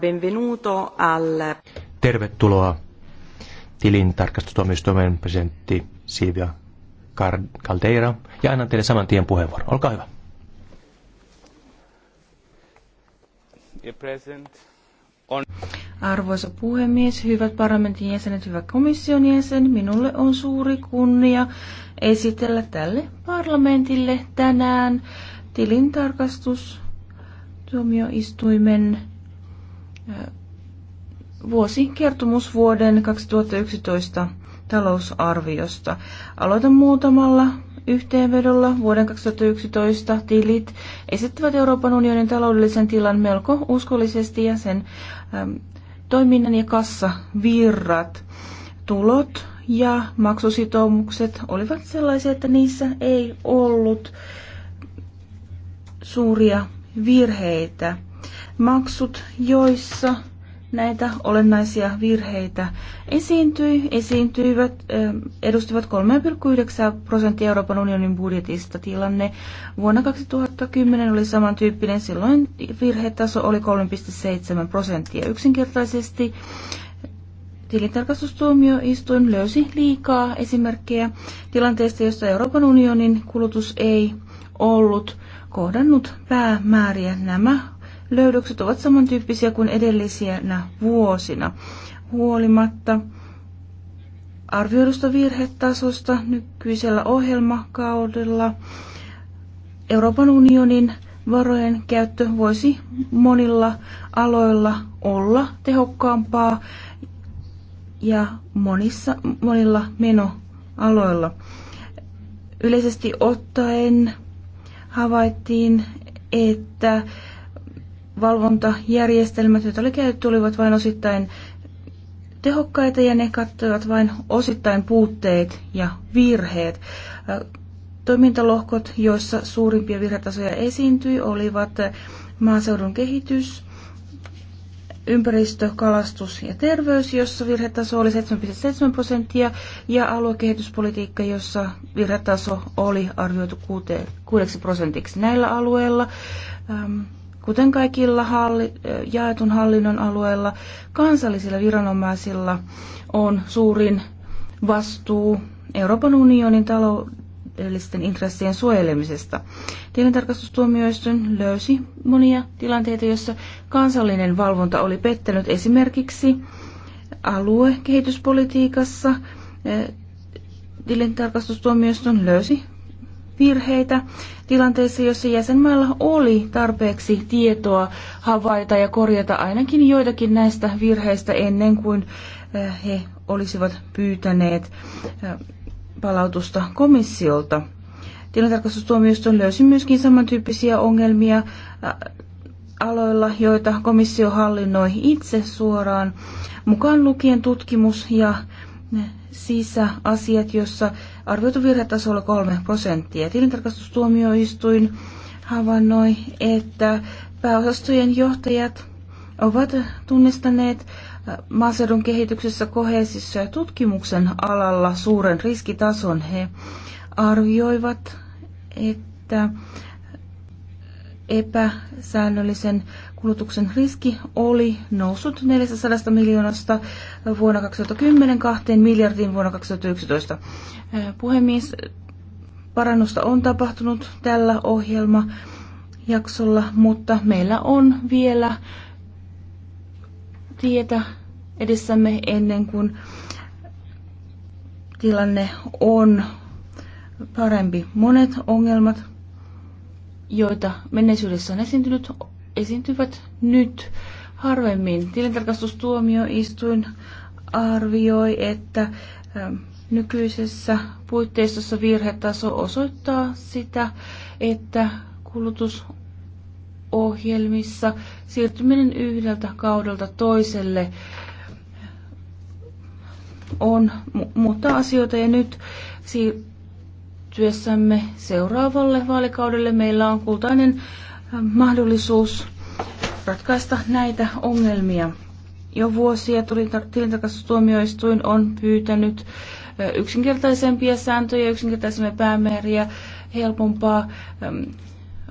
benvenuto al... Tervetuloa tilintarkastustuomioistuimen presidentti Silvia Caldeira ja annan teille saman tien puheenvuoron. Olkaa hyvä. Arvoisa puhemies, hyvät parlamentin jäsenet, hyvä komission jäsen, minulle on suuri kunnia esitellä tälle parlamentille tänään tilintarkastus tuomioistuimen vuosikertomusvuoden 2011 talousarviosta. Aloitan muutamalla yhteenvedolla. Vuoden 2011 tilit esittävät Euroopan unionin taloudellisen tilan melko uskollisesti ja sen äm, toiminnan ja kassavirrat, tulot ja maksusitoumukset olivat sellaisia, että niissä ei ollut suuria virheitä maksut, joissa näitä olennaisia virheitä esiintyi, esiintyivät, edustivat 3,9 prosenttia Euroopan unionin budjetista. Tilanne vuonna 2010 oli samantyyppinen, silloin virhetaso oli 3,7 prosenttia. Yksinkertaisesti tilintarkastustuomioistuin löysi liikaa esimerkkejä tilanteista, jossa Euroopan unionin kulutus ei ollut kohdannut päämääriä. Nämä löydökset ovat samantyyppisiä kuin edellisienä vuosina. Huolimatta arvioidusta virhetasosta nykyisellä ohjelmakaudella Euroopan unionin varojen käyttö voisi monilla aloilla olla tehokkaampaa ja monissa, monilla menoaloilla. Yleisesti ottaen havaittiin, että valvontajärjestelmät, joita oli käytetty, olivat vain osittain tehokkaita ja ne kattoivat vain osittain puutteet ja virheet. Toimintalohkot, joissa suurimpia virhetasoja esiintyi, olivat maaseudun kehitys, ympäristö, kalastus ja terveys, jossa virhetaso oli 7,7 prosenttia, ja aluekehityspolitiikka, jossa virhetaso oli arvioitu 6 prosentiksi näillä alueilla. Ähm, kuten kaikilla halli, jaetun hallinnon alueilla, kansallisilla viranomaisilla on suurin vastuu Euroopan unionin taloudellisten intressien suojelemisesta. Tilintarkastustuomioistuin löysi monia tilanteita, joissa kansallinen valvonta oli pettänyt esimerkiksi aluekehityspolitiikassa. Tilintarkastustuomioistuin löysi virheitä tilanteessa, jossa jäsenmailla oli tarpeeksi tietoa havaita ja korjata ainakin joitakin näistä virheistä ennen kuin äh, he olisivat pyytäneet äh, palautusta komissiolta. Tilintarkastustuomioistuin löysi myöskin samantyyppisiä ongelmia äh, aloilla, joita komissio hallinnoi itse suoraan, mukaan lukien tutkimus ja sisäasiat, jossa arvioitu virhetasolla 3 prosenttia. Tilintarkastustuomioistuin havainnoi, että pääosastojen johtajat ovat tunnistaneet äh, maaseudun kehityksessä, kohesissa ja tutkimuksen alalla suuren riskitason. He arvioivat, että epäsäännöllisen kulutuksen riski oli noussut 400 miljoonasta vuonna 2010 kahteen miljardiin vuonna 2011. Puhemies, parannusta on tapahtunut tällä ohjelmajaksolla, mutta meillä on vielä tietä edessämme ennen kuin tilanne on parempi. Monet ongelmat joita menneisyydessä on esiintynyt, esiintyvät nyt harvemmin. Tilintarkastustuomioistuin arvioi, että ähm, nykyisessä puitteistossa virhetaso osoittaa sitä, että kulutusohjelmissa siirtyminen yhdeltä kaudelta toiselle on muuttaa asioita ja nyt siirtyminen työssämme seuraavalle vaalikaudelle meillä on kultainen äh, mahdollisuus ratkaista näitä ongelmia. Jo vuosia tilintarkastustuomioistuin on pyytänyt äh, yksinkertaisempia sääntöjä, yksinkertaisempia päämääriä, helpompaa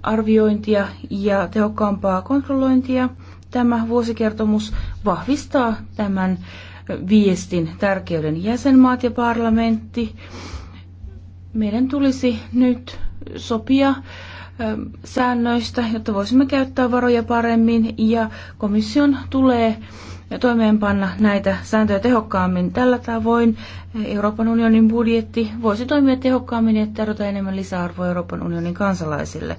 arviointia ja tehokkaampaa kontrollointia. Tämä vuosikertomus vahvistaa tämän äh, viestin tärkeyden jäsenmaat ja parlamentti meidän tulisi nyt sopia säännöistä, jotta voisimme käyttää varoja paremmin ja komission tulee toimeenpanna näitä sääntöjä tehokkaammin. Tällä tavoin Euroopan unionin budjetti voisi toimia tehokkaammin ja tarjota enemmän lisäarvoa Euroopan unionin kansalaisille.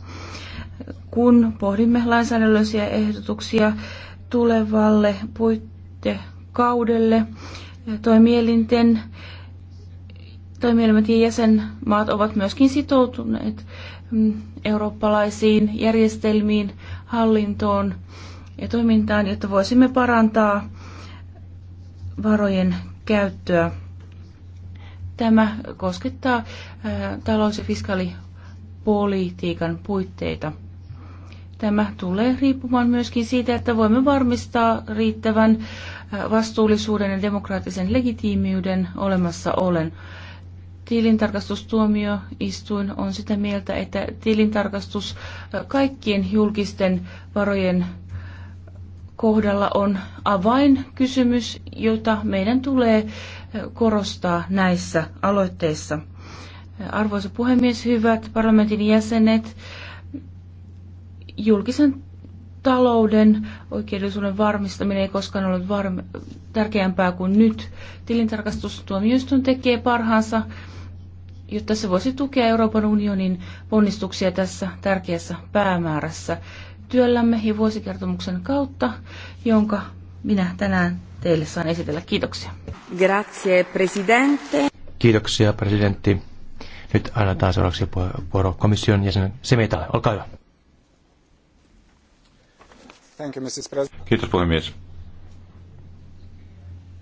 Kun pohdimme lainsäädännöllisiä ehdotuksia tulevalle puittekaudelle, toimielinten toimielimet ja jäsenmaat ovat myöskin sitoutuneet mm, eurooppalaisiin järjestelmiin, hallintoon ja toimintaan, jotta voisimme parantaa varojen käyttöä. Tämä koskettaa talous- ja fiskaalipolitiikan puitteita. Tämä tulee riippumaan myöskin siitä, että voimme varmistaa riittävän vastuullisuuden ja demokraattisen legitiimiyden olemassa olen tilintarkastustuomioistuin on sitä mieltä, että tilintarkastus kaikkien julkisten varojen kohdalla on avainkysymys, jota meidän tulee korostaa näissä aloitteissa. Arvoisa puhemies, hyvät parlamentin jäsenet, julkisen talouden oikeudellisuuden varmistaminen ei koskaan ollut varm- tärkeämpää kuin nyt. Tilintarkastustuomioistuin tekee parhaansa, jotta se voisi tukea Euroopan unionin ponnistuksia tässä tärkeässä päämäärässä työllämme ja vuosikertomuksen kautta, jonka minä tänään teille saan esitellä. Kiitoksia. Grazie, presidente. Kiitoksia, presidentti. Nyt annetaan seuraavaksi puheenvuoro komission jäsenen Semetalle. Olkaa hyvä. Thank Kiitos puhemies.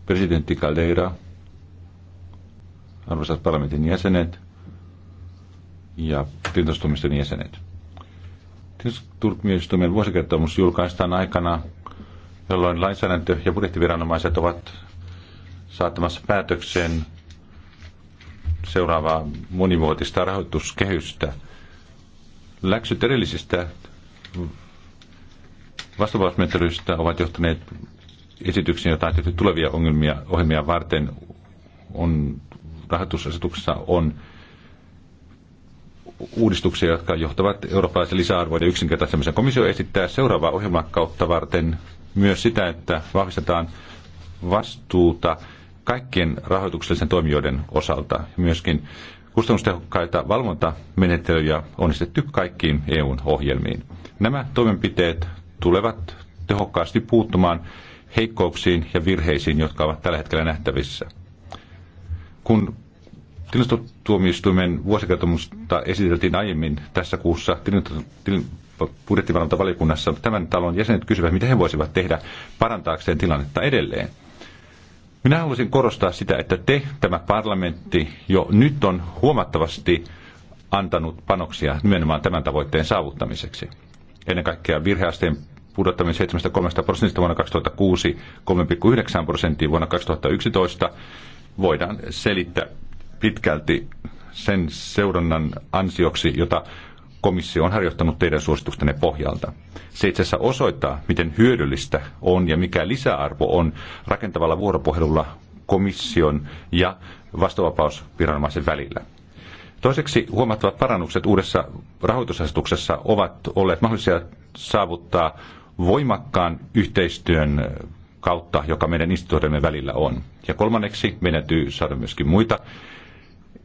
Presidentti Caldeira, arvoisat parlamentin jäsenet ja tietostumiston jäsenet. Tietostumiston vuosikertomus julkaistaan aikana, jolloin lainsäädäntö- ja budjettiviranomaiset ovat saattamassa päätökseen seuraavaa monivuotista rahoituskehystä. Läksyt edellisistä vastuvausmenettelystä ovat johtaneet esityksiä, joita on tehty tulevia ongelmia, ohjelmia varten. On, rahoitusasetuksessa on uudistuksia, jotka johtavat eurooppalaisen lisäarvoiden yksinkertaistamisen. Komissio esittää seuraavaa ohjelmakautta varten myös sitä, että vahvistetaan vastuuta kaikkien rahoituksellisen toimijoiden osalta. Myöskin kustannustehokkaita valvontamenettelyjä on esitetty kaikkiin EUn ohjelmiin. Nämä toimenpiteet tulevat tehokkaasti puuttumaan heikkouksiin ja virheisiin, jotka ovat tällä hetkellä nähtävissä. Kun tilastotuomioistuimen vuosikertomusta esiteltiin aiemmin tässä kuussa budjettivalvontavaliokunnassa, tämän talon jäsenet kysyvät, mitä he voisivat tehdä parantaakseen tilannetta edelleen. Minä haluaisin korostaa sitä, että te, tämä parlamentti, jo nyt on huomattavasti antanut panoksia nimenomaan tämän tavoitteen saavuttamiseksi ennen kaikkea virheasteen pudottaminen 7,3 prosentista vuonna 2006 3,9 prosenttia vuonna 2011 voidaan selittää pitkälti sen seurannan ansioksi, jota komissio on harjoittanut teidän suositustenne pohjalta. Se itse asiassa osoittaa, miten hyödyllistä on ja mikä lisäarvo on rakentavalla vuoropuhelulla komission ja vastavapausviranomaisen välillä. Toiseksi huomattavat parannukset uudessa rahoitusasetuksessa ovat olleet mahdollisia saavuttaa voimakkaan yhteistyön kautta, joka meidän instituutioiden välillä on. Ja kolmanneksi meidän täytyy saada myöskin muita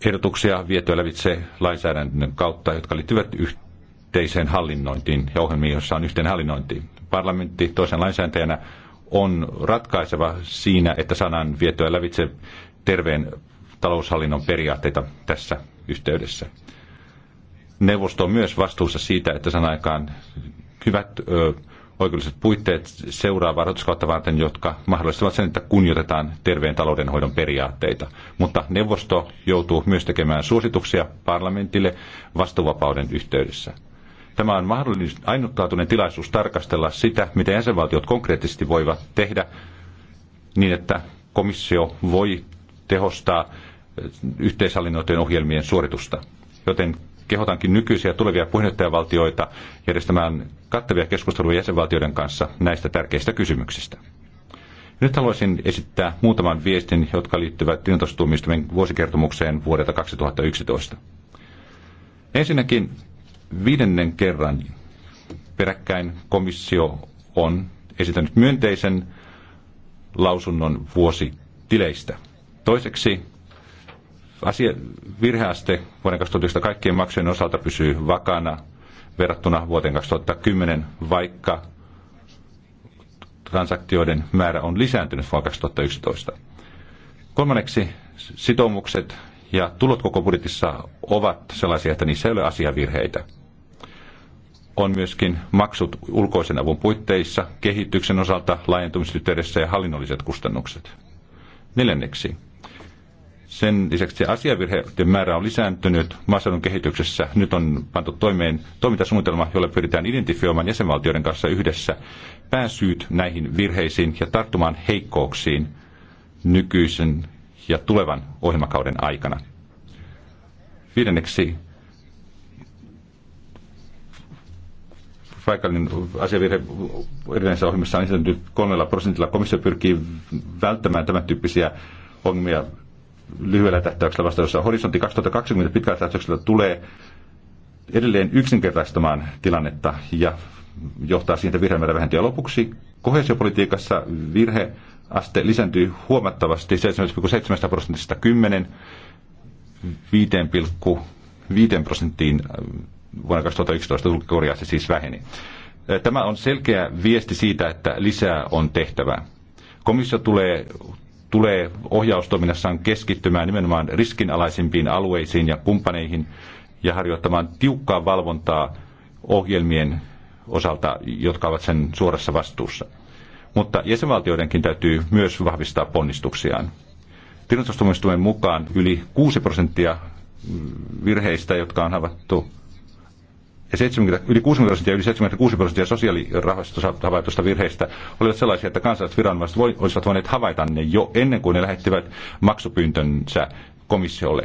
ehdotuksia vietyä lävitse lainsäädännön kautta, jotka liittyvät yhteiseen hallinnointiin ja ohjelmiin, joissa on yhteinen hallinnointi. Parlamentti toisen lainsäätäjänä on ratkaiseva siinä, että saadaan vietyä lävitse terveen taloushallinnon periaatteita tässä yhteydessä. Neuvosto on myös vastuussa siitä, että sen aikaan hyvät ö, oikeudelliset puitteet seuraavaa rahoituskautta varten, jotka mahdollistavat sen, että kunnioitetaan terveen taloudenhoidon periaatteita. Mutta neuvosto joutuu myös tekemään suosituksia parlamentille vastuuvapauden yhteydessä. Tämä on mahdollinen ainutlaatuinen tilaisuus tarkastella sitä, mitä jäsenvaltiot konkreettisesti voivat tehdä niin, että komissio voi tehostaa yhteishallinnoitujen ohjelmien suoritusta. Joten kehotankin nykyisiä ja tulevia puheenjohtajavaltioita järjestämään kattavia keskusteluja jäsenvaltioiden kanssa näistä tärkeistä kysymyksistä. Nyt haluaisin esittää muutaman viestin, jotka liittyvät tilintostuomioistuimen vuosikertomukseen vuodelta 2011. Ensinnäkin viidennen kerran peräkkäin komissio on esittänyt myönteisen lausunnon vuositileistä. Toiseksi asia, virheaste vuoden 2011 kaikkien maksujen osalta pysyy vakana verrattuna vuoteen 2010, vaikka transaktioiden määrä on lisääntynyt vuonna 2011. Kolmanneksi sitoumukset ja tulot koko budjetissa ovat sellaisia, että niissä ei ole asiavirheitä. On myöskin maksut ulkoisen avun puitteissa, kehityksen osalta, laajentumisyhteydessä ja hallinnolliset kustannukset. Neljänneksi, sen lisäksi asiavirheiden määrä on lisääntynyt maaseudun kehityksessä. Nyt on pantu toimeen toimintasuunnitelma, jolla pyritään identifioimaan jäsenvaltioiden kanssa yhdessä pääsyyt näihin virheisiin ja tarttumaan heikkouksiin nykyisen ja tulevan ohjelmakauden aikana. Viidenneksi paikallinen asiavirhe erinäisissä ohjelmissa on lisääntynyt kolmella prosentilla. Komissio pyrkii välttämään tämän tyyppisiä ongelmia lyhyellä tähtäyksellä vasta, jossa horisontti 2020 pitkällä tähtäyksellä tulee edelleen yksinkertaistamaan tilannetta ja johtaa siitä virhemäärä vähentyy. lopuksi kohesiopolitiikassa virheaste lisääntyy huomattavasti 7,7 prosentista 10 5,5 prosenttiin äh, vuonna 2011 korjaa se siis väheni. Äh, tämä on selkeä viesti siitä, että lisää on tehtävää. Komissio tulee tulee ohjaustoiminnassaan keskittymään nimenomaan riskinalaisimpiin alueisiin ja kumppaneihin ja harjoittamaan tiukkaa valvontaa ohjelmien osalta, jotka ovat sen suorassa vastuussa. Mutta jäsenvaltioidenkin täytyy myös vahvistaa ponnistuksiaan. Tilastustuomioistuimen mukaan yli 6 prosenttia virheistä, jotka on havaittu ja 70, yli 60 prosenttia, yli 76 prosenttia sosiaalirahoista havaitusta virheistä olivat sellaisia, että kansalliset viranomaiset voi, olisivat voineet havaita ne jo ennen kuin ne lähettivät maksupyyntönsä komissiolle.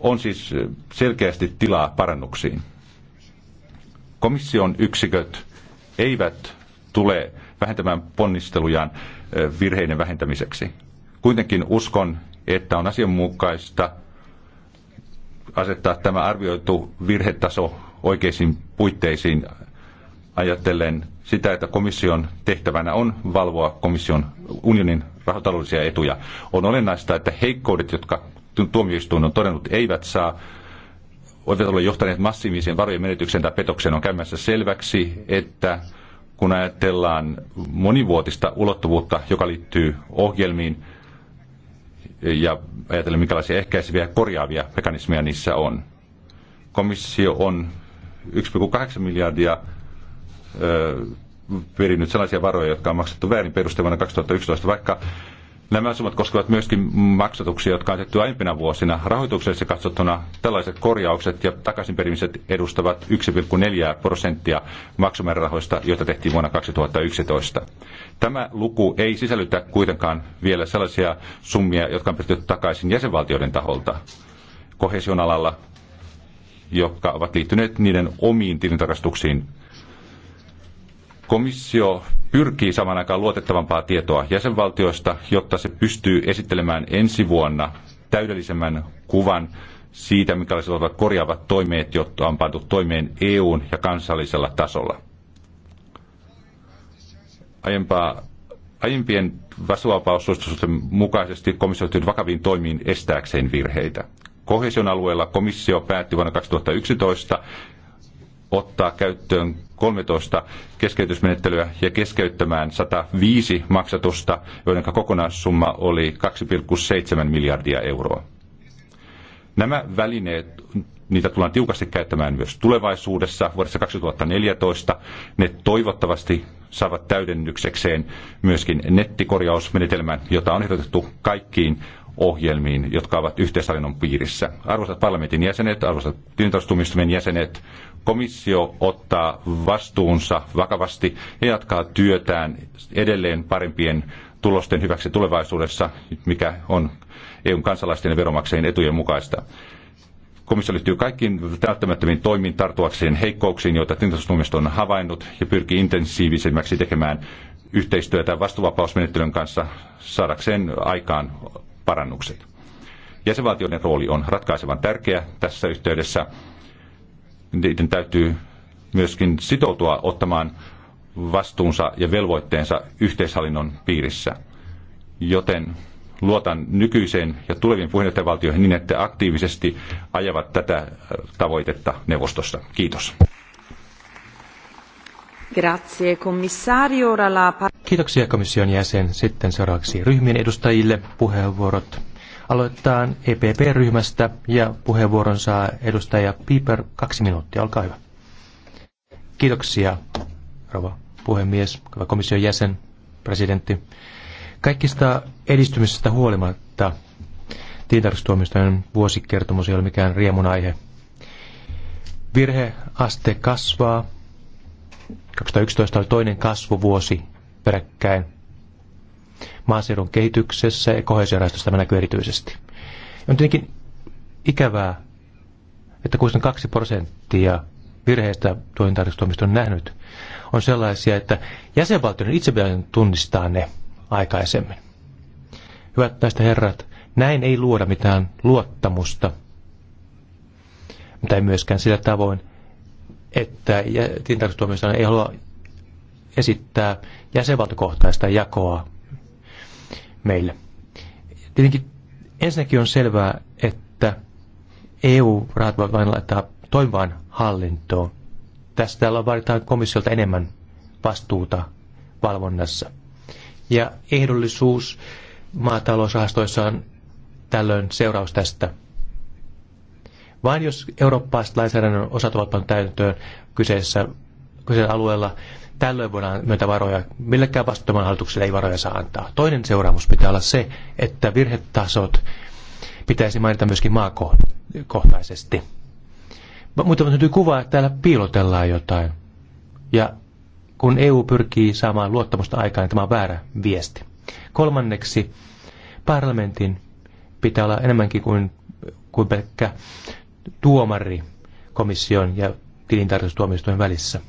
On siis selkeästi tilaa parannuksiin. Komission yksiköt eivät tule vähentämään ponnistelujaan virheiden vähentämiseksi. Kuitenkin uskon, että on asianmukaista asettaa tämä arvioitu virhetaso oikeisiin puitteisiin ajatellen sitä, että komission tehtävänä on valvoa komission unionin rahoitaloudellisia etuja. On olennaista, että heikkoudet, jotka tuomioistuin on todennut, eivät saa eivät ole johtaneet massiivisen varojen menetykseen tai petokseen, on käymässä selväksi, että kun ajatellaan monivuotista ulottuvuutta, joka liittyy ohjelmiin, ja ajatellaan minkälaisia ehkäiseviä korjaavia mekanismeja niissä on. Komissio on 1,8 miljardia perinnyt sellaisia varoja, jotka on maksettu väärin perustevana 2011, vaikka Nämä summat koskevat myöskin maksatuksia, jotka on tehty aiempina vuosina. Rahoituksellisesti katsottuna tällaiset korjaukset ja takaisinperimiset edustavat 1,4 prosenttia maksumäärärahoista, joita tehtiin vuonna 2011. Tämä luku ei sisällytä kuitenkaan vielä sellaisia summia, jotka on pystytty takaisin jäsenvaltioiden taholta. Kohesion alalla jotka ovat liittyneet niiden omiin tilintarkastuksiin. Komissio pyrkii saman aikaan luotettavampaa tietoa jäsenvaltioista, jotta se pystyy esittelemään ensi vuonna täydellisemmän kuvan siitä, minkälaiset ovat korjaavat toimeet, jotta on pantu toimeen EUn ja kansallisella tasolla. Aiempaa, aiempien vastuvapaussuositusten mukaisesti komissio vakaviin toimiin estääkseen virheitä. Kohesion alueella komissio päätti vuonna 2011 ottaa käyttöön 13 keskeytysmenettelyä ja keskeyttämään 105 maksatusta, joiden kokonaissumma oli 2,7 miljardia euroa. Nämä välineet, niitä tullaan tiukasti käyttämään myös tulevaisuudessa vuodessa 2014. Ne toivottavasti saavat täydennyksekseen myöskin nettikorjausmenetelmän, jota on ehdotettu kaikkiin ohjelmiin, jotka ovat yhteishallinnon piirissä. Arvoisat parlamentin jäsenet, arvoisat tilintarkastumistumien jäsenet, komissio ottaa vastuunsa vakavasti ja jatkaa työtään edelleen parempien tulosten hyväksi tulevaisuudessa, mikä on EUn kansalaisten ja veromaksajien etujen mukaista. Komissio liittyy kaikkiin välttämättömiin toimiin tartuakseen heikkouksiin, joita tilintarkastustuomioistuin on havainnut ja pyrkii intensiivisemmäksi tekemään yhteistyötä vastuvapausmenettelyn kanssa saadakseen aikaan parannukset. Jäsenvaltioiden rooli on ratkaisevan tärkeä tässä yhteydessä. Niiden täytyy myöskin sitoutua ottamaan vastuunsa ja velvoitteensa yhteishallinnon piirissä. Joten luotan nykyiseen ja tuleviin puheenjohtajavaltioihin niin, että aktiivisesti ajavat tätä tavoitetta neuvostossa. Kiitos. Kiitoksia komission jäsen. Sitten seuraavaksi ryhmien edustajille puheenvuorot. Aloitetaan EPP-ryhmästä ja puheenvuoron saa edustaja Piper. Kaksi minuuttia, olkaa hyvä. Kiitoksia, rouva puhemies, hyvä komission jäsen, presidentti. Kaikista edistymisestä huolimatta tilintarkastustuomioistuimen vuosikertomus ei ole mikään riemun aihe. Virheaste kasvaa 2011 oli toinen kasvuvuosi peräkkäin. Maaseudun kehityksessä ja kohesiorahastossa tämä näkyy erityisesti. On tietenkin ikävää, että 62 prosenttia virheistä tuon on nähnyt, on sellaisia, että jäsenvaltioiden itse tunnistaa ne aikaisemmin. Hyvät näistä herrat, näin ei luoda mitään luottamusta, tai myöskään sillä tavoin, että tilintarkastustuomioistuin ei halua esittää jäsenvaltakohtaista jakoa meille. Tietenkin ensinnäkin on selvää, että EU-rahat voivat vain laittaa toimivaan hallintoon. Tästä täällä vaaditaan komissiolta enemmän vastuuta valvonnassa. Ja ehdollisuus maatalousrahastoissa on tällöin seuraus tästä. Vain jos eurooppalaiset lainsäädännön osat ovat pannut täytäntöön kyseisessä, kyseisellä alueella, tällöin voidaan myöntää varoja. Millekään vastuuttoman hallitukselle ei varoja saa antaa. Toinen seuraamus pitää olla se, että virhetasot pitäisi mainita myöskin maakohtaisesti. Mutta täytyy kuvaa, että täällä piilotellaan jotain. Ja kun EU pyrkii saamaan luottamusta aikaan, niin tämä on väärä viesti. Kolmanneksi, parlamentin pitää olla enemmänkin kuin, kuin pelkkä tuomari komission ja tilintarkastustuomioistuimen välissä.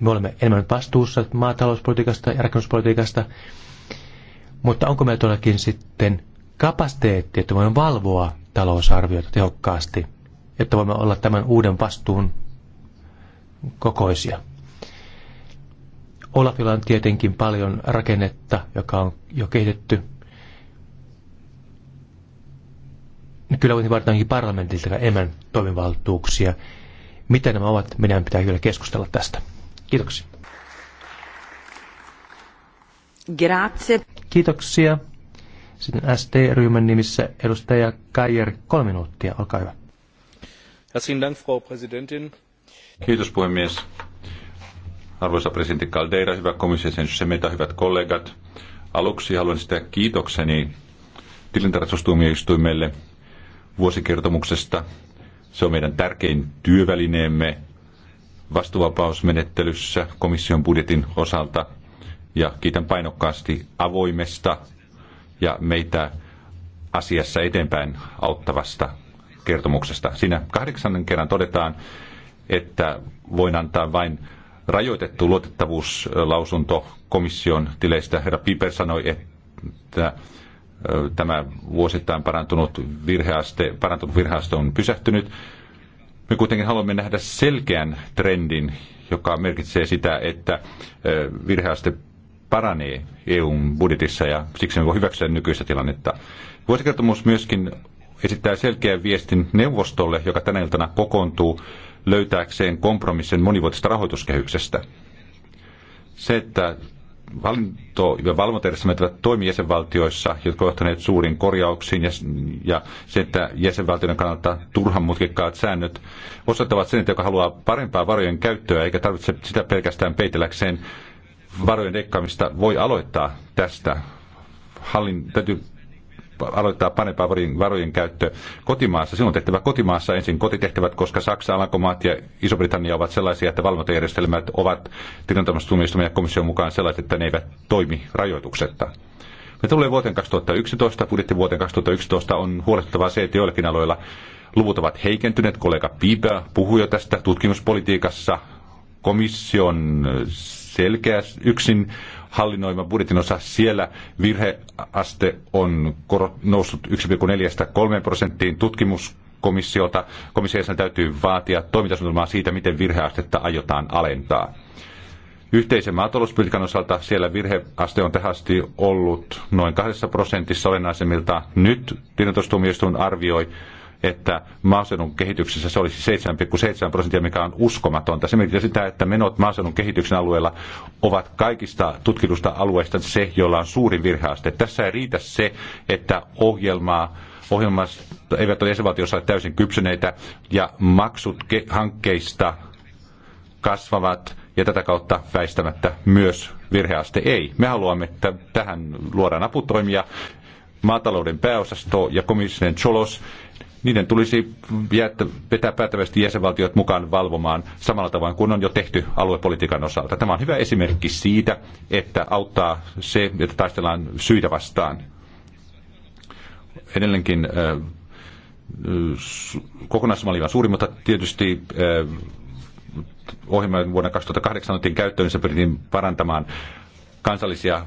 Me olemme enemmän vastuussa maatalouspolitiikasta ja rakennuspolitiikasta, mutta onko meillä todellakin sitten kapasiteetti, että voimme valvoa talousarviota tehokkaasti, että voimme olla tämän uuden vastuun kokoisia. Olafilla on tietenkin paljon rakennetta, joka on jo kehitetty kyllä kuitenkin vartaankin parlamentilta emän toimivaltuuksia. Mitä nämä ovat, meidän pitää kyllä keskustella tästä. Kiitoksia. Grazie. Kiitoksia. Sitten ST-ryhmän nimissä edustaja Kajer, kolme minuuttia, olkaa hyvä. Dank, Frau Kiitos puhemies. Arvoisa presidentti Caldeira, hyvä komissiosen Semeta, hyvät kollegat. Aluksi haluan sitä kiitokseni tilintarkastustuomioistuimelle vuosikertomuksesta. Se on meidän tärkein työvälineemme vastuvapausmenettelyssä komission budjetin osalta. Ja kiitän painokkaasti avoimesta ja meitä asiassa eteenpäin auttavasta kertomuksesta. Siinä kahdeksannen kerran todetaan, että voin antaa vain rajoitettu luotettavuuslausunto komission tileistä. Herra Piper sanoi, että Tämä vuosittain parantunut virheaste, parantunut virheaste on pysähtynyt. Me kuitenkin haluamme nähdä selkeän trendin, joka merkitsee sitä, että virheaste paranee EUn budjetissa ja siksi me voi hyväksyä nykyistä tilannetta. Vuosikertomus myöskin esittää selkeän viestin neuvostolle, joka tänä iltana kokoontuu löytääkseen kompromissin monivuotisesta rahoituskehyksestä. Se, että hallinto- ja valvontajärjestelmät eivät toimi jäsenvaltioissa, jotka ovat johtaneet suuriin korjauksiin ja, ja se, että jäsenvaltioiden kannalta turhan mutkikkaat säännöt osoittavat sen, että joka haluaa parempaa varojen käyttöä eikä tarvitse sitä pelkästään peitelläkseen, varojen leikkaamista voi aloittaa tästä. Hallin, täytyy aloittaa panepaa varojen käyttö kotimaassa. Silloin on tehtävä kotimaassa ensin kotitehtävät, koska Saksa, Alankomaat ja Iso-Britannia ovat sellaisia, että valvontajärjestelmät ovat tilintamassa ja komission mukaan sellaiset, että ne eivät toimi rajoituksetta. Me tulee vuoteen 2011, vuoteen 2011 on huolestuttavaa se, että joillakin aloilla luvut ovat heikentyneet. Kollega Piipä puhui jo tästä tutkimuspolitiikassa. Komission selkeä yksin hallinnoima budjetin osa. Siellä virheaste on noussut 1,4-3 prosenttiin tutkimus komissiota. Komissiossa täytyy vaatia toimintasuunnitelmaa siitä, miten virheastetta aiotaan alentaa. Yhteisen maatalouspolitiikan osalta siellä virheaste on tähän asti ollut noin 2 prosentissa olennaisemmilta. Nyt tiedotustuomioistuin arvioi että maaseudun kehityksessä se olisi 7,7 prosenttia, mikä on uskomatonta. Se merkitsee sitä, että menot maaseudun kehityksen alueella ovat kaikista tutkitusta alueista se, jolla on suurin virheaste. Tässä ei riitä se, että ohjelmaa ohjelmassa, eivät ole jäsenvaltiossa täysin kypsyneitä ja maksut hankkeista kasvavat ja tätä kautta väistämättä myös virheaste ei. Me haluamme, että tähän luodaan aputoimia. Maatalouden pääosasto ja komission Cholos niiden tulisi jättä, vetää päättävästi jäsenvaltiot mukaan valvomaan samalla tavoin kuin on jo tehty aluepolitiikan osalta. Tämä on hyvä esimerkki siitä, että auttaa se, että taistellaan syitä vastaan. Edelleenkin äh, kokonaismalli suuri, mutta tietysti äh, ohjelma vuonna 2008 otettiin käyttöön, se pyrittiin parantamaan äh, kansallisia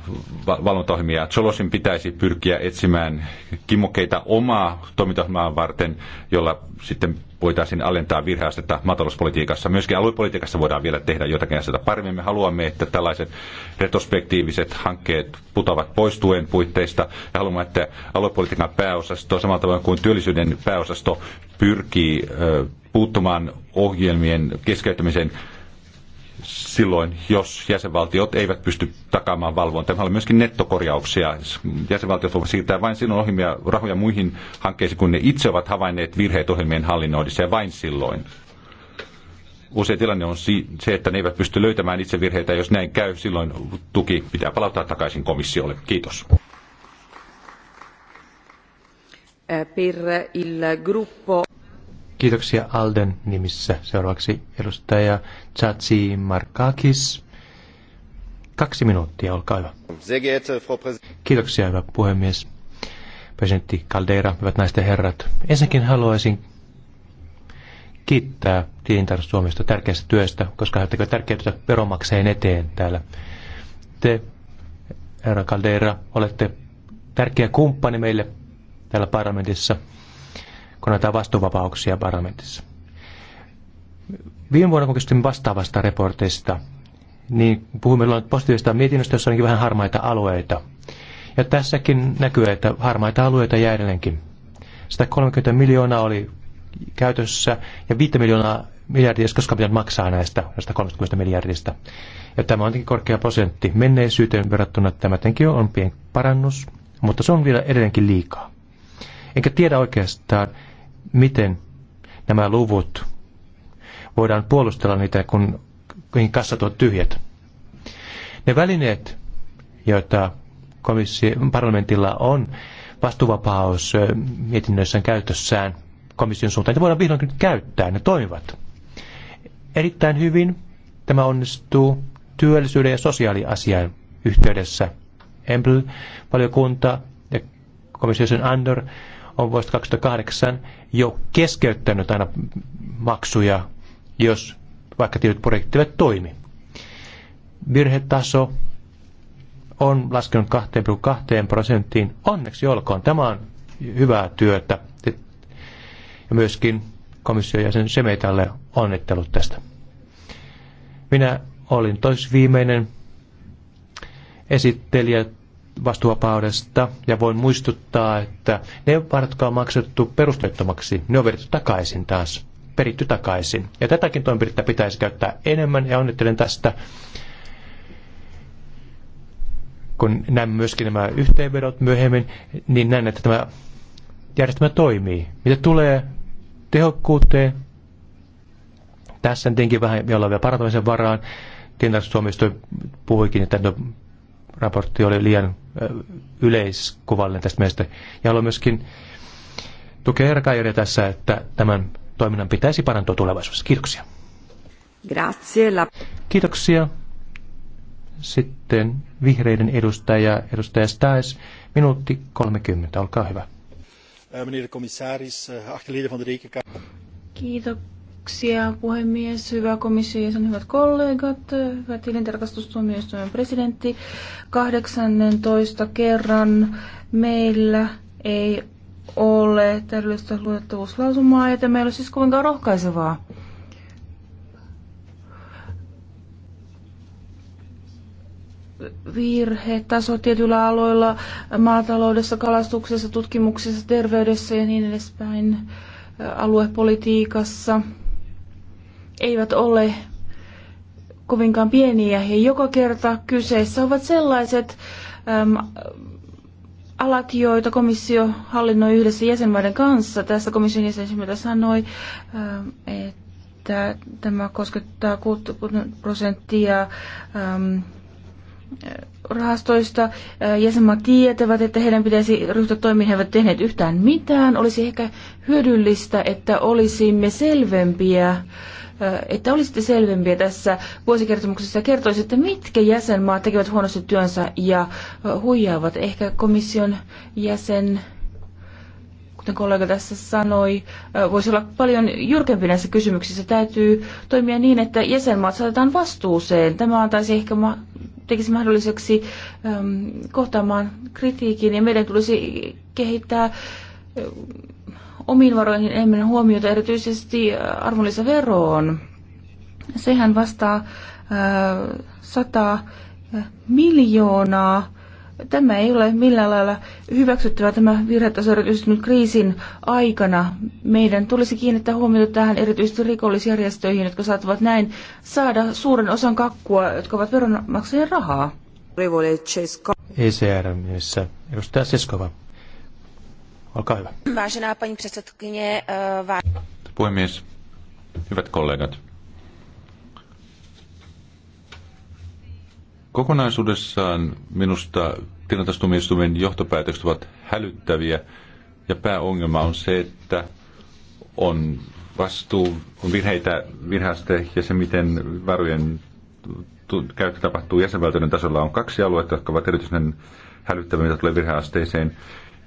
valvontaohjelmia. Cholosin pitäisi pyrkiä etsimään kimokeita omaa toimintaohjelmaa varten, jolla sitten voitaisiin alentaa virheastetta maatalouspolitiikassa. Myöskin aluepolitiikassa voidaan vielä tehdä jotakin asioita paremmin. Me haluamme, että tällaiset retrospektiiviset hankkeet putavat pois tuen puitteista ja haluamme, että aluepolitiikan pääosasto, samalla tavalla kuin työllisyyden pääosasto, pyrkii puuttumaan ohjelmien keskeyttämiseen silloin, jos jäsenvaltiot eivät pysty takaamaan valvontaa. Tämä on myöskin nettokorjauksia. Jäsenvaltiot voivat siirtää vain silloin ohjelmia, rahoja muihin hankkeisiin, kun ne itse ovat havainneet virheet ohjelmien hallinnoidissa ja vain silloin. Usein tilanne on se, että ne eivät pysty löytämään itse virheitä. Jos näin käy, silloin tuki pitää palauttaa takaisin komissiolle. Kiitos. Eh, per il gruppo Kiitoksia Alden nimissä. Seuraavaksi edustaja Tsatsi Markakis. Kaksi minuuttia, olkaa hyvä. Kiitoksia, hyvä puhemies. Presidentti Caldeira, hyvät naiset ja herrat. Ensinnäkin haluaisin kiittää Suomesta tärkeästä työstä, koska he tekevät tärkeää työtä veronmaksajien eteen täällä. Te, herra Caldeira, olette tärkeä kumppani meille täällä parlamentissa – kun näitä vastuuvapauksia parlamentissa. Viime vuonna, kun kysyimme vastaavasta raportista, niin puhumme positiivisesta mietinnöstä, jossa onkin vähän harmaita alueita. Ja tässäkin näkyy, että harmaita alueita jää edelleenkin. 130 miljoonaa oli käytössä ja 5 miljoonaa miljardia, koskaan pitää maksaa näistä 130 miljardista. Ja tämä on tietenkin korkea prosentti. Menneisyyteen verrattuna tämä tietenkin on pieni parannus, mutta se on vielä edelleenkin liikaa. Enkä tiedä oikeastaan, miten nämä luvut voidaan puolustella niitä, kun kassat ovat tyhjät. Ne välineet, joita komissio, parlamentilla on vastuvapaus mietinnöissään käytössään komission suuntaan, niitä voidaan vihdoinkin nyt käyttää, ne toimivat. Erittäin hyvin tämä onnistuu työllisyyden ja sosiaaliasian yhteydessä. Empel-valiokunta ja komission Andor on vuodesta 2008 jo keskeyttänyt aina maksuja, jos vaikka tietyt projektit eivät toimi. Virhetaso on laskenut 2,2 prosenttiin. Onneksi olkoon. Tämä on hyvää työtä. Ja myöskin komission jäsen Semetalle onnittelut tästä. Minä olin toisviimeinen esittelijä vastuvapaudesta ja voin muistuttaa, että ne varat, jotka on maksettu perusteettomaksi, ne on veritty takaisin taas, peritty takaisin. Ja tätäkin toimenpidettä pitäisi käyttää enemmän ja onnittelen tästä, kun näen myöskin nämä yhteenvedot myöhemmin, niin näen, että tämä järjestelmä toimii. Mitä tulee tehokkuuteen, tässä tietenkin vähän jollain vielä parantamisen varaan. Tientarkastustuomioistuin puhuikin, että raportti oli liian yleiskuvallinen tästä mielestä. Ja haluan myöskin tukea Erkaijoja tässä, että tämän toiminnan pitäisi parantua tulevaisuudessa. Kiitoksia. Grazie. Kiitoksia. Sitten vihreiden edustaja, edustaja Stais, minuutti 30, olkaa hyvä. Äh, meneer de commissaris, äh, achterleden van de rekenkamer. Kiitos Kiitoksia puhemies, hyvä komissio ja sen hyvät kollegat, hyvä tilintarkastustuomioistuimen presidentti. 18 kerran meillä ei ole täydellistä luotettavuuslausumaa, joten meillä on siis kovinkaan rohkaisevaa. virhetaso tietyillä aloilla, maataloudessa, kalastuksessa, tutkimuksessa, terveydessä ja niin edespäin, aluepolitiikassa – eivät ole kovinkaan pieniä ja joka kerta kyseessä ovat sellaiset äm, alat, joita komissio hallinnoi yhdessä jäsenmaiden kanssa. Tässä komission jäsen sanoi, äm, että tämä koskettaa 60 prosenttia äm, rahastoista. Jäsenmaat tietävät, että heidän pitäisi ryhtyä toimiin, he eivät tehneet yhtään mitään. Olisi ehkä hyödyllistä, että olisimme selvempiä että olisitte selvempiä tässä vuosikertomuksessa ja kertoisitte, mitkä jäsenmaat tekevät huonosti työnsä ja huijaavat. Ehkä komission jäsen, kuten kollega tässä sanoi, voisi olla paljon jyrkempi näissä kysymyksissä. Täytyy toimia niin, että jäsenmaat saatetaan vastuuseen. Tämä antaisi ehkä ma- tekisi mahdolliseksi ähm, kohtaamaan kritiikin ja meidän tulisi kehittää omiin varoihin enemmän huomiota, erityisesti äh, arvonlisäveroon. Sehän vastaa 100 äh, äh, miljoonaa. Tämä ei ole millään lailla hyväksyttävä tämä virhetaso erityisesti nyt kriisin aikana. Meidän tulisi kiinnittää huomiota tähän erityisesti rikollisjärjestöihin, jotka saattavat näin saada suuren osan kakkua, jotka ovat veronmaksajien rahaa. ecr e myössä Edustaja Seskova. Olkaa hyvä. Vážená paní předsedkyně, eh, vá... Puhemies, hyvät kollegat. Kokonaisuudessaan minusta tilintastumistumin johtopäätökset ovat hälyttäviä ja pääongelma on se, että on vastuu, on virheitä virheistä ja se, miten varojen käyttö tapahtuu jäsenvaltioiden tasolla, on kaksi aluetta, jotka ovat erityisen hälyttäviä, mitä tulee virheasteeseen.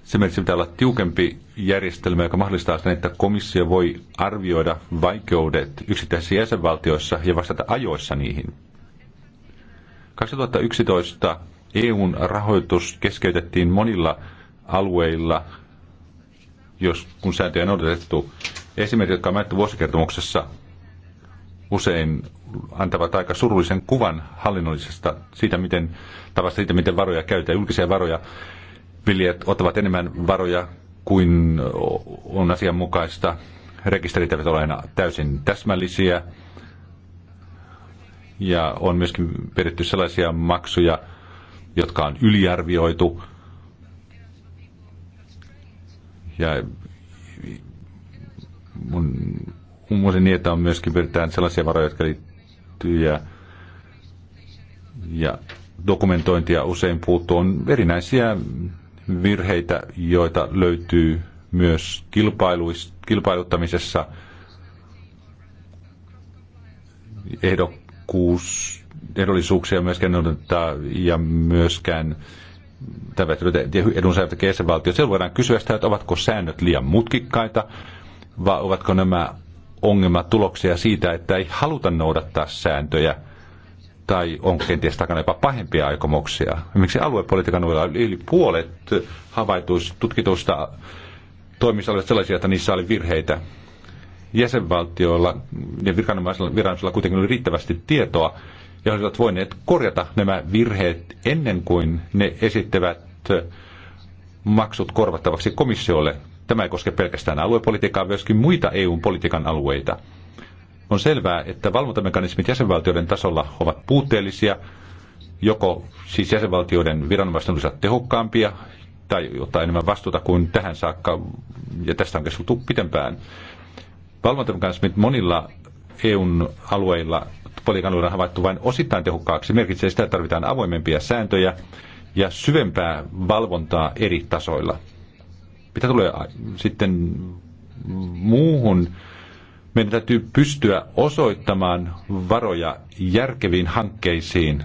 Sen merkitsi pitää olla tiukempi järjestelmä, joka mahdollistaa sen, että komissio voi arvioida vaikeudet yksittäisissä jäsenvaltioissa ja vastata ajoissa niihin. 2011 EUn rahoitus keskeytettiin monilla alueilla, jos, kun sääntöjä on odotettu. Esimerkiksi, jotka on määrätty vuosikertomuksessa, usein antavat aika surullisen kuvan hallinnollisesta siitä, miten, tavasta siitä, miten varoja käytetään, julkisia varoja viljelijät ottavat enemmän varoja kuin on asianmukaista. Rekisterit eivät ole aina täysin täsmällisiä. Ja on myöskin peritty sellaisia maksuja, jotka on yliarvioitu. Ja mun, mun niin, että on myöskin peritään sellaisia varoja, jotka liittyy ja, ja dokumentointia usein puuttuu. On erinäisiä virheitä, joita löytyy myös kilpailuttamisessa. Ehdokkuus, ehdollisuuksia myöskään noudattaa ja myöskään edunsaajat ja jäsenvaltiot. Siellä voidaan kysyä sitä, että ovatko säännöt liian mutkikkaita vai ovatko nämä ongelmat tuloksia siitä, että ei haluta noudattaa sääntöjä – tai on kenties takana jopa pahempia aikomuksia. Miksi aluepolitiikan alueella yli puolet havaituista tutkituista toimista olivat sellaisia, että niissä oli virheitä. Jäsenvaltioilla ja viranomaisilla, viranomaisilla kuitenkin oli riittävästi tietoa, ja olisivat voineet korjata nämä virheet ennen kuin ne esittävät maksut korvattavaksi komissiolle. Tämä ei koske pelkästään aluepolitiikkaa, myöskin muita EU-politiikan alueita. On selvää, että valvontamekanismit jäsenvaltioiden tasolla ovat puutteellisia, joko siis jäsenvaltioiden viranomaisten olisivat tehokkaampia tai ottaa enemmän vastuuta kuin tähän saakka, ja tästä on keskusteltu pitempään. Valvontamekanismit monilla EUn alueilla, politiikan alueilla havaittu vain osittain tehokkaaksi, merkitsee sitä, että tarvitaan avoimempia sääntöjä ja syvempää valvontaa eri tasoilla. Mitä tulee sitten muuhun meidän täytyy pystyä osoittamaan varoja järkeviin hankkeisiin.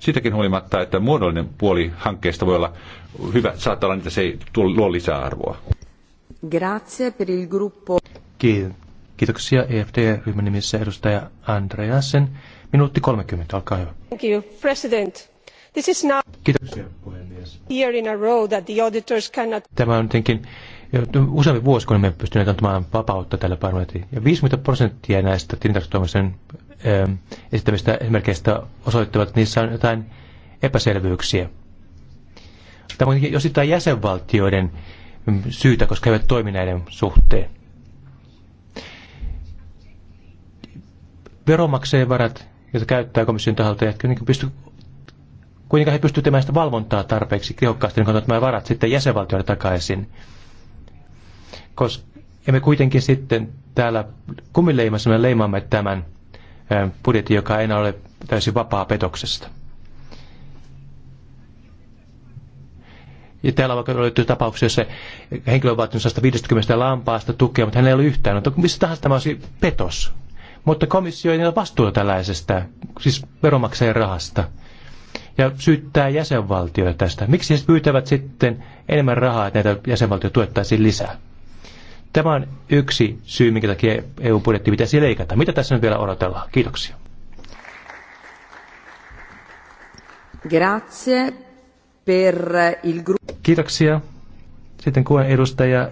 Sitäkin huolimatta, että muodollinen puoli hankkeesta voi olla hyvä, saattaa olla, niin, että se ei luo lisäarvoa. Grazie per il gruppo. Kiitoksia EFD-ryhmän nimissä edustaja Andreasen. Minuutti 30, olkaa hyvä. Thank you, President. This is now... Kiitoksia, puhemies. in a row that the auditors cannot... Tämä on jotenkin jo useampi vuosi, kun me pystyneet antamaan vapautta tällä parlamentilla. Ja 50 prosenttia näistä tilintarkastustoimisen ähm, esittämistä esimerkkeistä osoittavat, että niissä on jotain epäselvyyksiä. Tämä on jostain jäsenvaltioiden mm, syytä, koska he eivät toimi näiden suhteen. Veronmaksajien varat, joita käyttää komission taholta, jotka pysty kuinka he pystyvät tekemään sitä valvontaa tarpeeksi tehokkaasti, niin kun nämä varat sitten jäsenvaltioille takaisin koska me kuitenkin sitten täällä kumileimassa me leimaamme tämän budjetin, joka ei enää ole täysin vapaa petoksesta. Ja täällä on vaikka löytyy tapauksia, jossa henkilö on vaatinut 150 lampaasta tukea, mutta hänellä ei ole yhtään. Mutta no, missä tahansa tämä olisi petos. Mutta komissio ei ole vastuuta tällaisesta, siis veronmaksajan rahasta. Ja syyttää jäsenvaltioita tästä. Miksi he pyytävät sitten enemmän rahaa, että näitä jäsenvaltioita tuettaisiin lisää? Tämä on yksi syy, minkä takia EU-budjetti pitäisi leikata. Mitä tässä nyt vielä odotellaan? Kiitoksia. Grazie per il Kiitoksia. Sitten kuen edustaja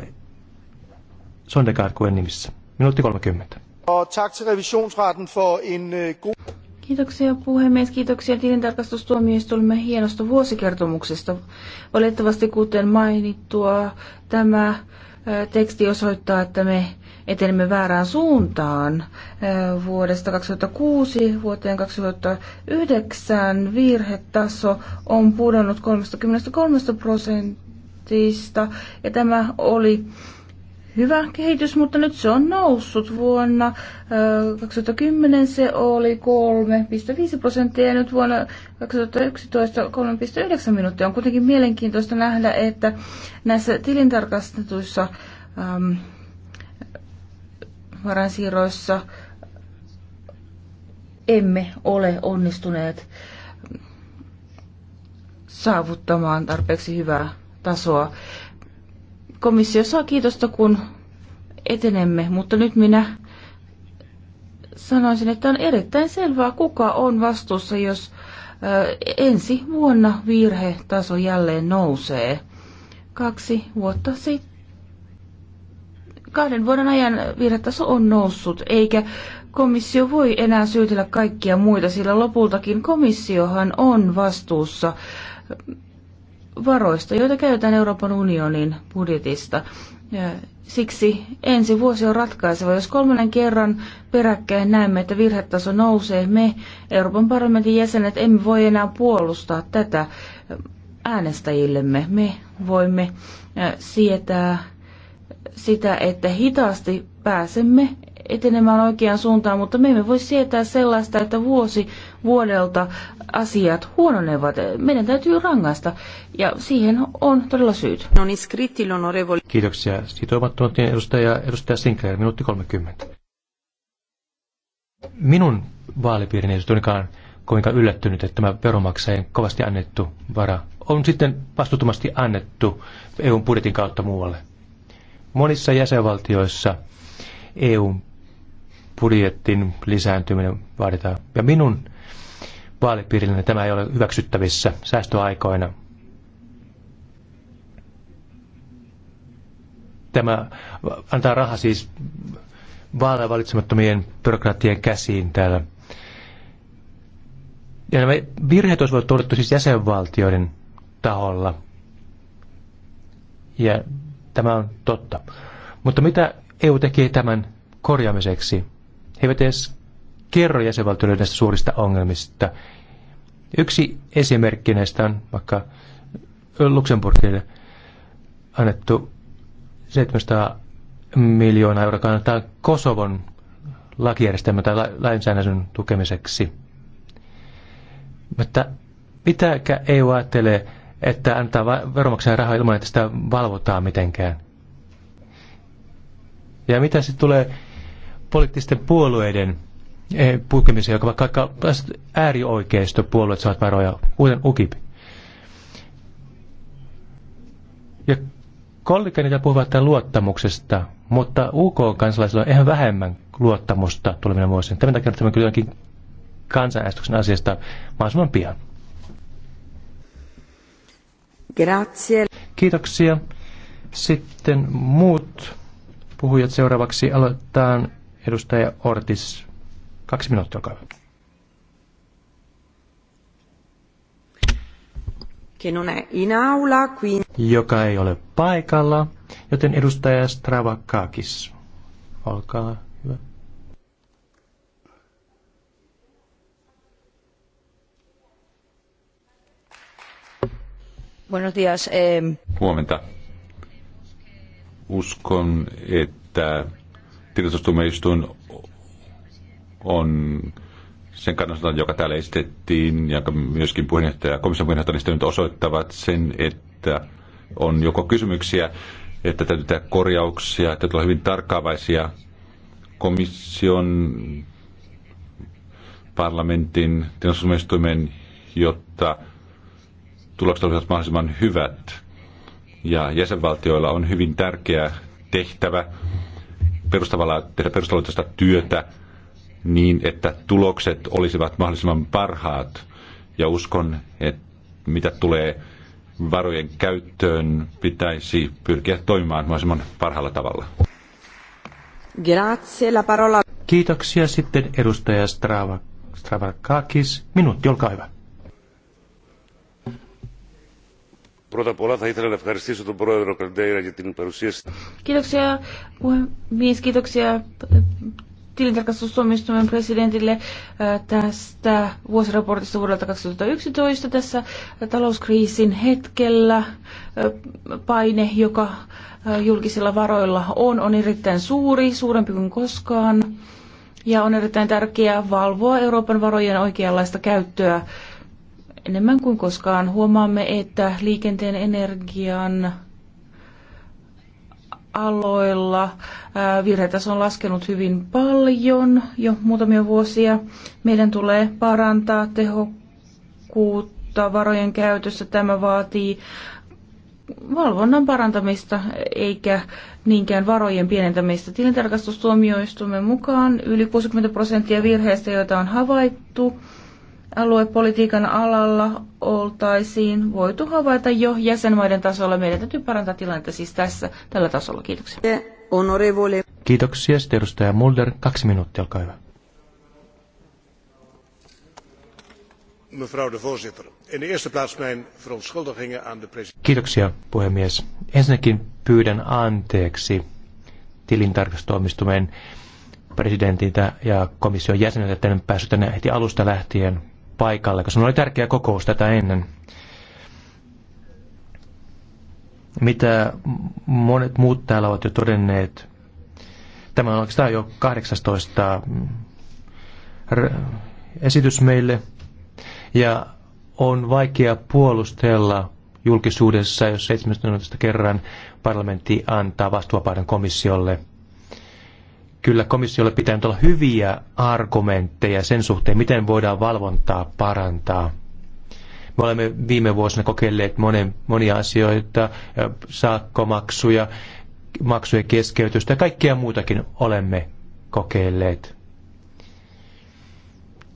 Sondegaard kuen nimissä. Minuutti 30. Øh, kiitoksia puhemies, kiitoksia tilintarkastustuomioistuimme hienosta vuosikertomuksesta. Valitettavasti kuten mainittua, tämä teksti osoittaa, että me etenemme väärään suuntaan. Vuodesta 2006 vuoteen 2009 virhetaso on pudonnut 33 prosentista ja tämä oli hyvä kehitys, mutta nyt se on noussut vuonna 2010 se oli 3,5 prosenttia ja nyt vuonna 2011 3,9 minuuttia. On kuitenkin mielenkiintoista nähdä, että näissä tilintarkastetuissa äm, varansiirroissa emme ole onnistuneet saavuttamaan tarpeeksi hyvää tasoa komissio saa kiitosta, kun etenemme, mutta nyt minä sanoisin, että on erittäin selvää, kuka on vastuussa, jos ensi vuonna virhetaso jälleen nousee. Kaksi vuotta sitten. Kahden vuoden ajan virhetaso on noussut, eikä komissio voi enää syytellä kaikkia muita, sillä lopultakin komissiohan on vastuussa varoista, joita käytetään Euroopan unionin budjetista. Siksi ensi vuosi on ratkaiseva. Jos kolmannen kerran peräkkäin näemme, että virhetaso nousee, me Euroopan parlamentin jäsenet emme voi enää puolustaa tätä äänestäjillemme. Me voimme sietää sitä, että hitaasti pääsemme etenemään oikeaan suuntaan, mutta me emme voi sietää sellaista, että vuosi vuodelta asiat huononevat. Meidän täytyy rangaista ja siihen on todella syyt. No niin, skritti onorevoli. Kiitoksia. Sitoumattomattien edustaja, edustaja Sinclair, minuutti 30. Minun vaalipiirini ei ole kovinkaan yllättynyt, että tämä veronmaksajien kovasti annettu vara on sitten vastuuttomasti annettu EUn budjetin kautta muualle. Monissa jäsenvaltioissa EUn budjetin lisääntyminen vaaditaan. Ja minun vaalipiirilleni tämä ei ole hyväksyttävissä säästöaikoina. Tämä antaa raha siis vaaleja valitsemattomien byrokratien käsiin täällä. Ja nämä virheet olisivat todettu siis jäsenvaltioiden taholla. Ja tämä on totta. Mutta mitä EU tekee tämän korjaamiseksi? He eivät edes kerro jäsenvaltioille näistä suurista ongelmista. Yksi esimerkki näistä on vaikka Luxemburgille annettu 700 miljoonaa euroa kannattaa Kosovon lakijärjestelmän tai lainsäädännön tukemiseksi. Mutta pitääkö EU ajattelee, että antaa veronmaksajan rahaa ilman, että sitä valvotaan mitenkään? Ja mitä sitten tulee poliittisten puolueiden eh, pukemiseen, joka vaikka äärioikeistopuolueet saavat varoja, uuden UKIP. Ja kollegani puhuvat tämän luottamuksesta, mutta UK-kansalaisilla on ihan vähemmän luottamusta tulevina vuosina. Tämän takia tämä kyllä kansanäänestyksen asiasta mahdollisimman pian. Grazie. Kiitoksia. Sitten muut puhujat seuraavaksi aloitetaan Edustaja Ortis, kaksi minuuttia, olkaa hyvä. Joka ei ole paikalla, joten edustaja Stravakakis, olkaa hyvä. Buenos días. Eh. Huomenta. Uskon, että tietotustumistuin on sen kannalta, joka täällä esitettiin, ja myöskin puheenjohtaja, komission puheenjohtaja nyt osoittavat sen, että on joko kysymyksiä, että täytyy tehdä korjauksia, että tulee hyvin tarkkaavaisia komission, parlamentin, tietotustumistuimen, jotta tulokset olisivat mahdollisimman hyvät. Ja jäsenvaltioilla on hyvin tärkeä tehtävä perustavalla, tehdä perustavallista työtä niin, että tulokset olisivat mahdollisimman parhaat. Ja uskon, että mitä tulee varojen käyttöön, pitäisi pyrkiä toimimaan mahdollisimman parhaalla tavalla. Grazie, la parola. Kiitoksia sitten edustaja Strava, Stravakakis. Minuutti, olkaa hyvä. Πρώτα απ' όλα θα ήθελα να ευχαριστήσω τον πρόεδρο Καλντέιρα για την παρουσίαση. Kiitoksia puhemies, kiitoksia tilintarkastustuomioistuimen presidentille äh, tästä vuosiraportista vuodelta 2011 tässä äh, talouskriisin hetkellä. Äh, paine, joka julkisilla varoilla on, on erittäin suuri, suurempi kuin koskaan. Ja on erittäin tärkeää valvoa Euroopan varojen oikeanlaista käyttöä enemmän kuin koskaan. Huomaamme, että liikenteen energian aloilla virhetaso on laskenut hyvin paljon jo muutamia vuosia. Meidän tulee parantaa tehokkuutta varojen käytössä. Tämä vaatii valvonnan parantamista eikä niinkään varojen pienentämistä. Tilintarkastustuomioistuimen mukaan yli 60 prosenttia virheistä, joita on havaittu, aluepolitiikan alalla oltaisiin voitu havaita jo jäsenmaiden tasolla. Meidän täytyy parantaa tilannetta siis tässä, tällä tasolla. Kiitoksia. Kiitoksia. Sitten edustaja Mulder. Kaksi minuuttia, olkaa hyvä. in eerste plaats mijn verontschuldigingen aan de president. Kiitoksia, puhemies. Ensinnäkin pyydän anteeksi tilintarkastustoimistumeen presidentiltä ja komission jäseneltä, että en päässyt tänne heti alusta lähtien paikalle, koska meillä oli tärkeä kokous tätä ennen. Mitä monet muut täällä ovat jo todenneet, tämä on oikeastaan jo 18 esitys meille, ja on vaikea puolustella julkisuudessa, jos 17 kerran parlamentti antaa vastuuvapauden komissiolle – kyllä komissiolle pitää nyt olla hyviä argumentteja sen suhteen, miten voidaan valvontaa parantaa. Me olemme viime vuosina kokeilleet monen, monia asioita, saakkomaksuja, maksujen keskeytystä ja kaikkea muutakin olemme kokeilleet.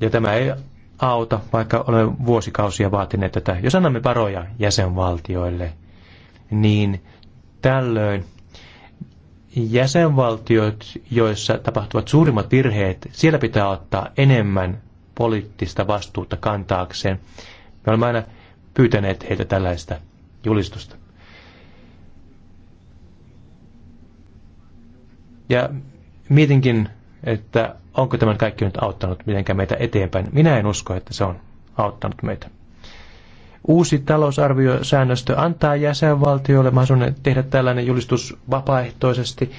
Ja tämä ei auta, vaikka olemme vuosikausia vaatineet tätä. Jos annamme varoja jäsenvaltioille, niin tällöin jäsenvaltiot, joissa tapahtuvat suurimmat virheet, siellä pitää ottaa enemmän poliittista vastuuta kantaakseen. Me olemme aina pyytäneet heitä tällaista julistusta. Ja mietinkin, että onko tämän kaikki nyt auttanut mitenkään meitä eteenpäin. Minä en usko, että se on auttanut meitä. Uusi talousarviosäännöstö antaa jäsenvaltioille mahdollisuuden tehdä tällainen julistus vapaaehtoisesti,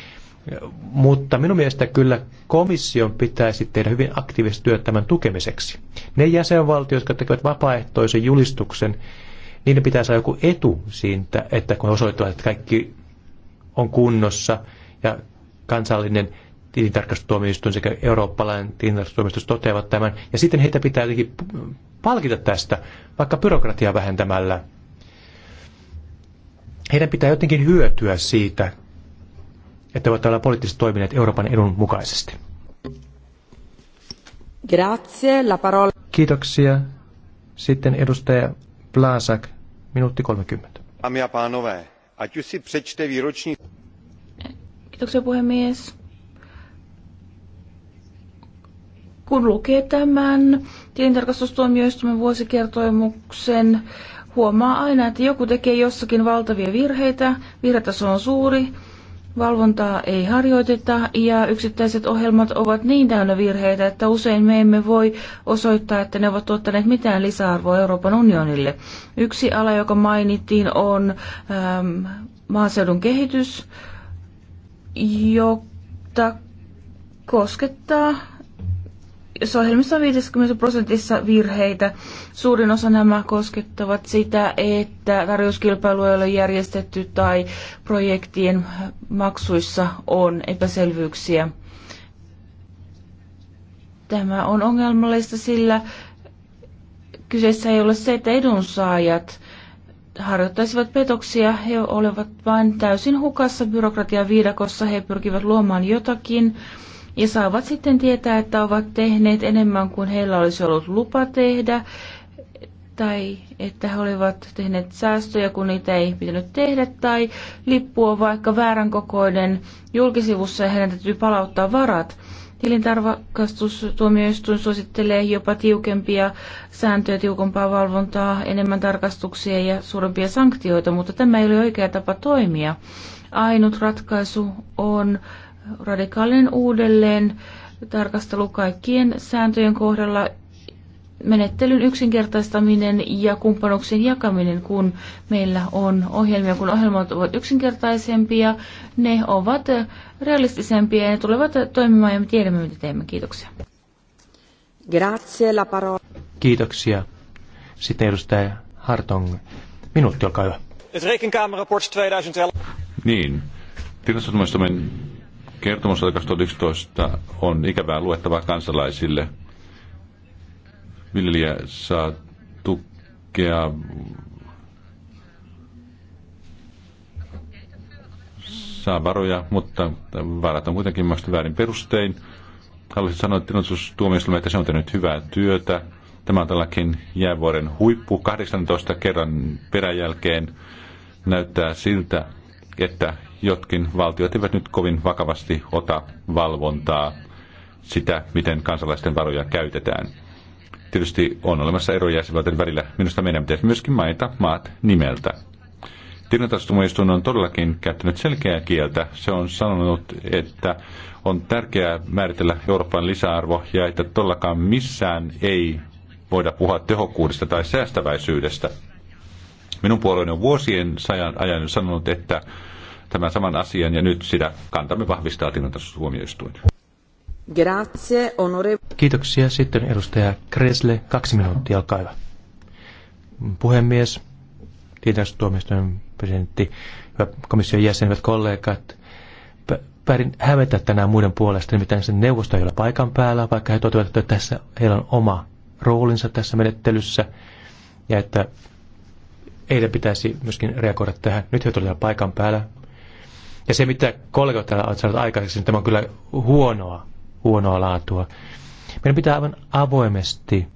mutta minun mielestä kyllä komission pitäisi tehdä hyvin aktiivista työtä tämän tukemiseksi. Ne jäsenvaltiot, jotka tekevät vapaaehtoisen julistuksen, niiden pitää saada joku etu siitä, että kun osoittavat, että kaikki on kunnossa ja kansallinen tilintarkastustuomioistuin sekä eurooppalainen tilintarkastustuomioistuin toteavat tämän. Ja sitten heitä pitää jotenkin palkita tästä, vaikka byrokratiaa vähentämällä. Heidän pitää jotenkin hyötyä siitä, että voivat olla poliittisesti toimineet Euroopan edun mukaisesti. Grazie, la parola. Kiitoksia. Sitten edustaja Blasak, minuutti 30. Dámy a si přečte výroční... Kiitoksia puhemies Kun lukee tämän tilintarkastustuomioistuimen vuosikertoimuksen, huomaa aina, että joku tekee jossakin valtavia virheitä, virhetaso on suuri, valvontaa ei harjoiteta ja yksittäiset ohjelmat ovat niin täynnä virheitä, että usein me emme voi osoittaa, että ne ovat tuottaneet mitään lisäarvoa Euroopan unionille. Yksi ala, joka mainittiin, on ähm, maaseudun kehitys, jota koskettaa ohjelmissa on 50 prosentissa virheitä. Suurin osa nämä koskettavat sitä, että tarjouskilpailu ei ole järjestetty tai projektien maksuissa on epäselvyyksiä. Tämä on ongelmallista, sillä kyseessä ei ole se, että edunsaajat harjoittaisivat petoksia, he olevat vain täysin hukassa byrokratian viidakossa, he pyrkivät luomaan jotakin, ja saavat sitten tietää, että ovat tehneet enemmän kuin heillä olisi ollut lupa tehdä tai että he olivat tehneet säästöjä, kun niitä ei pitänyt tehdä, tai lippu on vaikka väärän kokoinen julkisivussa ja heidän täytyy palauttaa varat. Tilintarkastustuomioistuin suosittelee jopa tiukempia sääntöjä, tiukempaa valvontaa, enemmän tarkastuksia ja suurempia sanktioita, mutta tämä ei ole oikea tapa toimia. Ainut ratkaisu on radikaalinen uudelleen tarkastelu kaikkien sääntöjen kohdalla, menettelyn yksinkertaistaminen ja kumppanuksen jakaminen, kun meillä on ohjelmia, kun ohjelmat ovat yksinkertaisempia, ne ovat realistisempia ja ne tulevat toimimaan ja me tiedämme, mitä teemme. Kiitoksia. Grazie la parola. Kiitoksia. Sitten edustaja Hartong. Minuutti, olkaa hyvä. Het rekenkamerrapport 2011. Niin. Tilastotumistomen Kertomus 2011 on ikävää luettavaa kansalaisille. Viljelijä saa tukea saa varoja, mutta varat on kuitenkin maksettu väärin perustein. Haluaisin sanoa, että tilastustuomioistuimen, että se on tehnyt hyvää työtä. Tämä on tälläkin jäävuoren huippu. 18 kerran peräjälkeen näyttää siltä, että jotkin valtiot eivät nyt kovin vakavasti ota valvontaa sitä, miten kansalaisten varoja käytetään. Tietysti on olemassa eroja jäsenvaltioiden välillä. Minusta meidän pitäisi myöskin mainita maat nimeltä. Tilintarkastustuomioistuin on todellakin käyttänyt selkeää kieltä. Se on sanonut, että on tärkeää määritellä Euroopan lisäarvo ja että todellakaan missään ei voida puhua tehokkuudesta tai säästäväisyydestä. Minun puolueeni on vuosien ajan sanonut, että tämän saman asian ja nyt sitä kantamme vahvistaa huomioistuin. Grazie, onore. Kiitoksia. Sitten edustaja Kresle, kaksi minuuttia, olkaa hyvä. Puhemies, tilintarkastustuomioistuimen presidentti, hyvä komission jäsen, hyvät kollegat, päädin hävetä tänään muiden puolesta, nimittäin sen neuvosto ei ole paikan päällä, vaikka he toteavat, että tässä heillä on oma roolinsa tässä menettelyssä ja että heidän pitäisi myöskin reagoida tähän. Nyt he olivat paikan päällä, ja se, mitä kollegat täällä ovat saaneet aikaiseksi, niin tämä on kyllä huonoa, huonoa laatua. Meidän pitää aivan avoimesti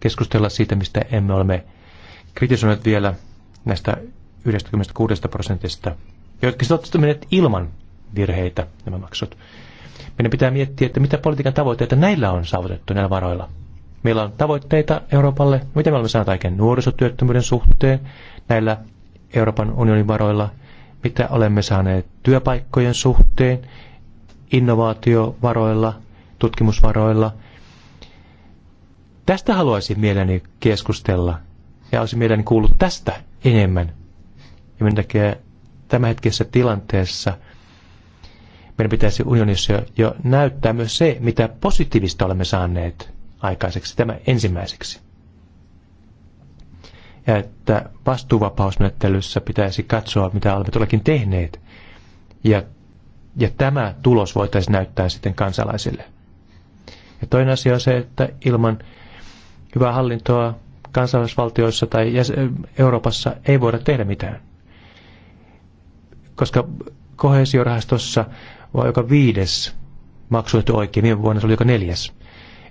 keskustella siitä, mistä emme ole kritisoineet vielä näistä 96 prosentista, jotka siis ovat menneet ilman virheitä nämä maksut. Meidän pitää miettiä, että mitä politiikan tavoitteita näillä on saavutettu näillä varoilla. Meillä on tavoitteita Euroopalle, mitä me olemme saaneet aikaan nuorisotyöttömyyden suhteen näillä Euroopan unionin varoilla – mitä olemme saaneet työpaikkojen suhteen, innovaatiovaroilla, tutkimusvaroilla. Tästä haluaisin mieleni keskustella ja olisin mieleni kuullut tästä enemmän. Ja minkä takia tämänhetkisessä tilanteessa meidän pitäisi unionissa jo, jo näyttää myös se, mitä positiivista olemme saaneet aikaiseksi tämä ensimmäiseksi ja että vastuuvapausmenettelyssä pitäisi katsoa, mitä olemme tuollakin tehneet. Ja, ja tämä tulos voitaisiin näyttää sitten kansalaisille. Ja toinen asia on se, että ilman hyvää hallintoa kansalaisvaltioissa tai Euroopassa ei voida tehdä mitään. Koska kohesiorahastossa on joka viides maksuettu oikein, viime vuonna se oli joka neljäs.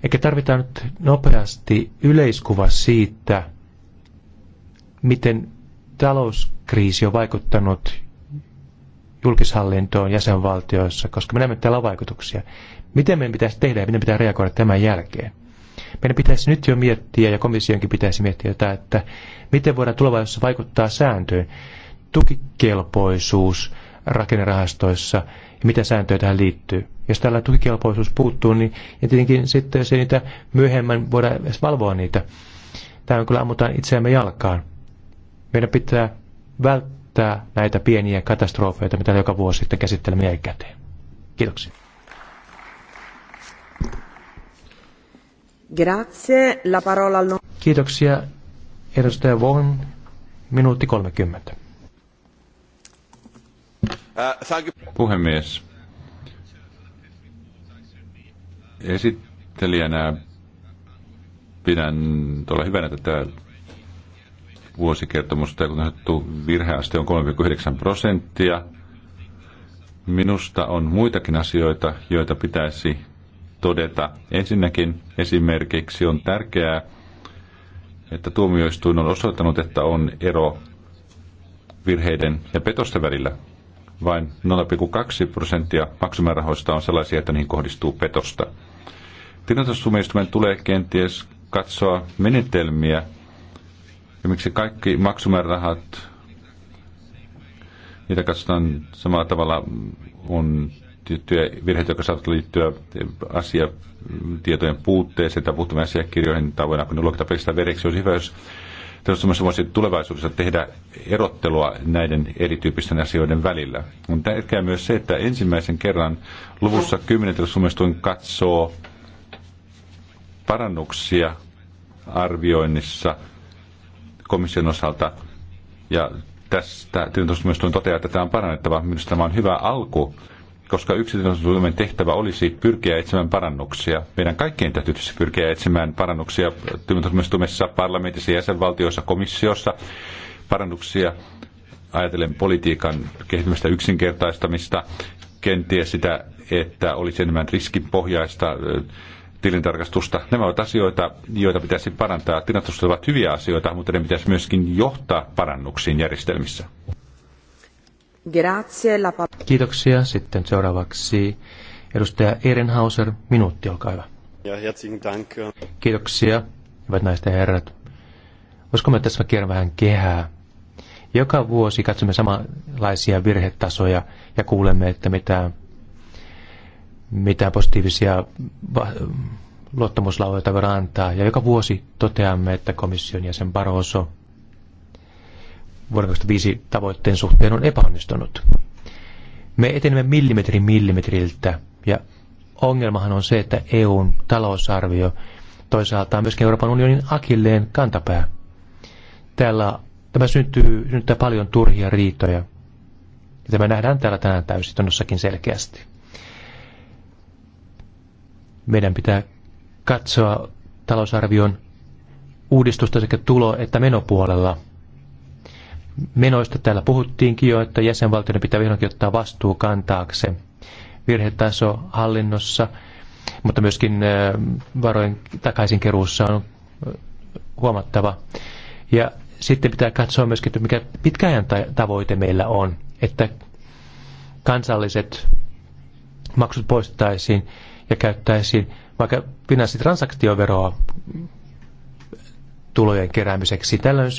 Eikä tarvitaan nyt nopeasti yleiskuva siitä, miten talouskriisi on vaikuttanut julkishallintoon jäsenvaltioissa, koska me näemme täällä vaikutuksia. Miten meidän pitäisi tehdä ja miten pitää reagoida tämän jälkeen? Meidän pitäisi nyt jo miettiä, ja komissionkin pitäisi miettiä jotain, että miten voidaan tulevaisuudessa vaikuttaa sääntöön, tukikelpoisuus rakennerahastoissa ja mitä sääntöjä tähän liittyy. Jos tällä tukikelpoisuus puuttuu, niin ja tietenkin sitten se niitä myöhemmin voidaan edes valvoa niitä. Tämä on kyllä ammutaan itseämme jalkaan. Meidän pitää välttää näitä pieniä katastrofeita, mitä joka vuosi sitten käsittelemme jälkikäteen. Kiitoksia. Grazie. La parola al... No- Kiitoksia. Edustaja Vaughan, minuutti 30. Uh, Puhemies. Esittelijänä pidän tuolla hyvänä tätä vuosikertomusta, ja kun sanottu virheaste on 3,9 prosenttia. Minusta on muitakin asioita, joita pitäisi todeta. Ensinnäkin esimerkiksi on tärkeää, että tuomioistuin on osoittanut, että on ero virheiden ja petosten välillä. Vain 0,2 prosenttia maksumäärärahoista on sellaisia, että niihin kohdistuu petosta. Tilintarkastustuomioistuimen tulee kenties katsoa menetelmiä, ja miksi kaikki maksumäärärahat, niitä katsotaan samalla tavalla, on tiettyjä virheitä, jotka saattavat liittyä asiatietojen puutteeseen tai puuttumien asiakirjoihin, tai voidaanko ne luokita pelkästään veriksi, olisi hyvä, jos tässä voisi tulevaisuudessa tehdä erottelua näiden erityyppisten asioiden välillä. On tärkeää myös se, että ensimmäisen kerran luvussa 10 suomestuin katsoo parannuksia arvioinnissa komission osalta. Ja tästä tietysti myös toteaa, että tämä on parannettava. Minusta tämä on hyvä alku, koska yksityisen tehtävä olisi pyrkiä etsimään parannuksia. Meidän kaikkien täytyy siis pyrkiä etsimään parannuksia tyyntöstumistumessa, parlamentissa, jäsenvaltioissa, komissiossa, parannuksia ajatellen politiikan kehittymistä yksinkertaistamista, kenties sitä, että olisi enemmän pohjaista tilintarkastusta. Nämä ovat asioita, joita pitäisi parantaa. Tilintarkastukset ovat hyviä asioita, mutta ne pitäisi myöskin johtaa parannuksiin järjestelmissä. Kiitoksia. Sitten seuraavaksi edustaja Ehrenhauser. Minuutti, olkaa hyvä. Kiitoksia, hyvät naiset ja herrat. Voisiko me tässä kerran vähän kehää? Joka vuosi katsomme samanlaisia virhetasoja ja kuulemme, että mitään mitä positiivisia luottamuslaujoita voidaan antaa. Ja joka vuosi toteamme, että komission jäsen Barroso vuoden 2005 tavoitteen suhteen on epäonnistunut. Me etenemme millimetri millimetriltä ja ongelmahan on se, että EUn talousarvio toisaalta on myöskin Euroopan unionin akilleen kantapää. Täällä, tämä syntyy, syntyy paljon turhia riitoja. Ja tämä nähdään täällä tänään täysistunnossakin selkeästi. Meidän pitää katsoa talousarvion uudistusta sekä tulo- että menopuolella. Menoista täällä puhuttiinkin jo, että jäsenvaltioiden pitää vihdoinkin ottaa vastuu kantaakse. Virhetaso hallinnossa, mutta myöskin varojen takaisinkeruussa on huomattava. Ja sitten pitää katsoa myöskin, että mikä pitkäajan tavoite meillä on, että kansalliset maksut poistettaisiin ja käyttäisiin vaikka finanssitransaktioveroa tulojen keräämiseksi. Tällöin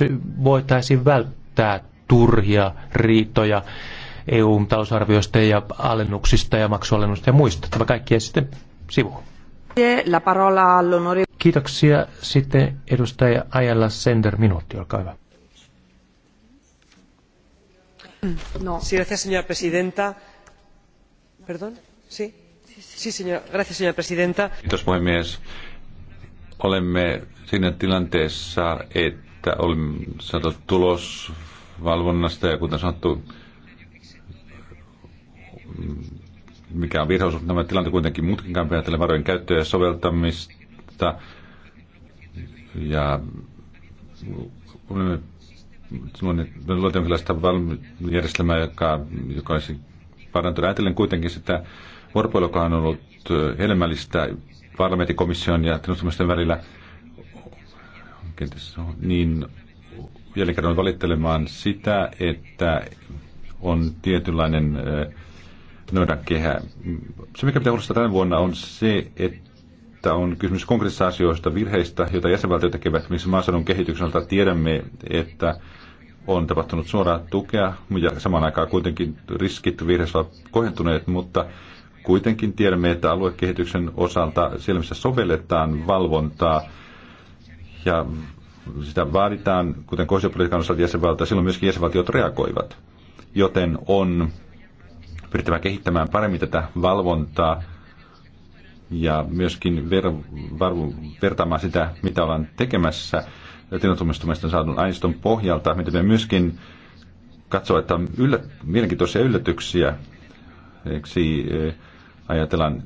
voitaisiin välttää turhia riitoja EU-talousarviosta ja alennuksista ja maksualennuksista ja muista. Tämä kaikki ja sitten sivuun. Kiitoksia. Sitten edustaja Ajalla Sender, minuutti, olkaa hyvä. No. Sí, gracias, señora presidenta. Perdón, sí arvoisa presidenta. Kiitos puhemies. Olemme siinä tilanteessa, että olemme saatu tulos valvonnasta ja kuten sanottu, mikä on virheosuus, nämä tilanteet kuitenkin muutkin ajatellen varojen käyttöä ja soveltamista. Ja olemme luoneet jonkinlaista järjestelmää, joka, joka olisi parantunut. Ajattelen kuitenkin sitä Orpo, joka on ollut äh, hedelmällistä parlamenttikomission ja tilastomusten välillä, niin vielä kerran valittelemaan sitä, että on tietynlainen äh, noidan kehä. Se, mikä pitää huolestua tänä vuonna, on se, että on kysymys konkreettisista asioista, virheistä, joita jäsenvaltiot tekevät. Missä maaseudun kehityksen tiedämme, että on tapahtunut suoraa tukea ja samaan aikaan kuitenkin riskit virheissä ovat kohentuneet, mutta Kuitenkin tiedämme, että aluekehityksen osalta siellä, missä sovelletaan valvontaa ja sitä vaaditaan, kuten kohdallisuuspolitiikan osalta jäsenvaltio, silloin myöskin jäsenvaltiot reagoivat. Joten on pyrittävä kehittämään paremmin tätä valvontaa ja myöskin ver, var, vertaamaan sitä, mitä ollaan tekemässä tietotumistumista saadun aineiston pohjalta. Me myöskin katsoa, että on yllät, mielenkiintoisia yllätyksiä. Eksi, ajatellaan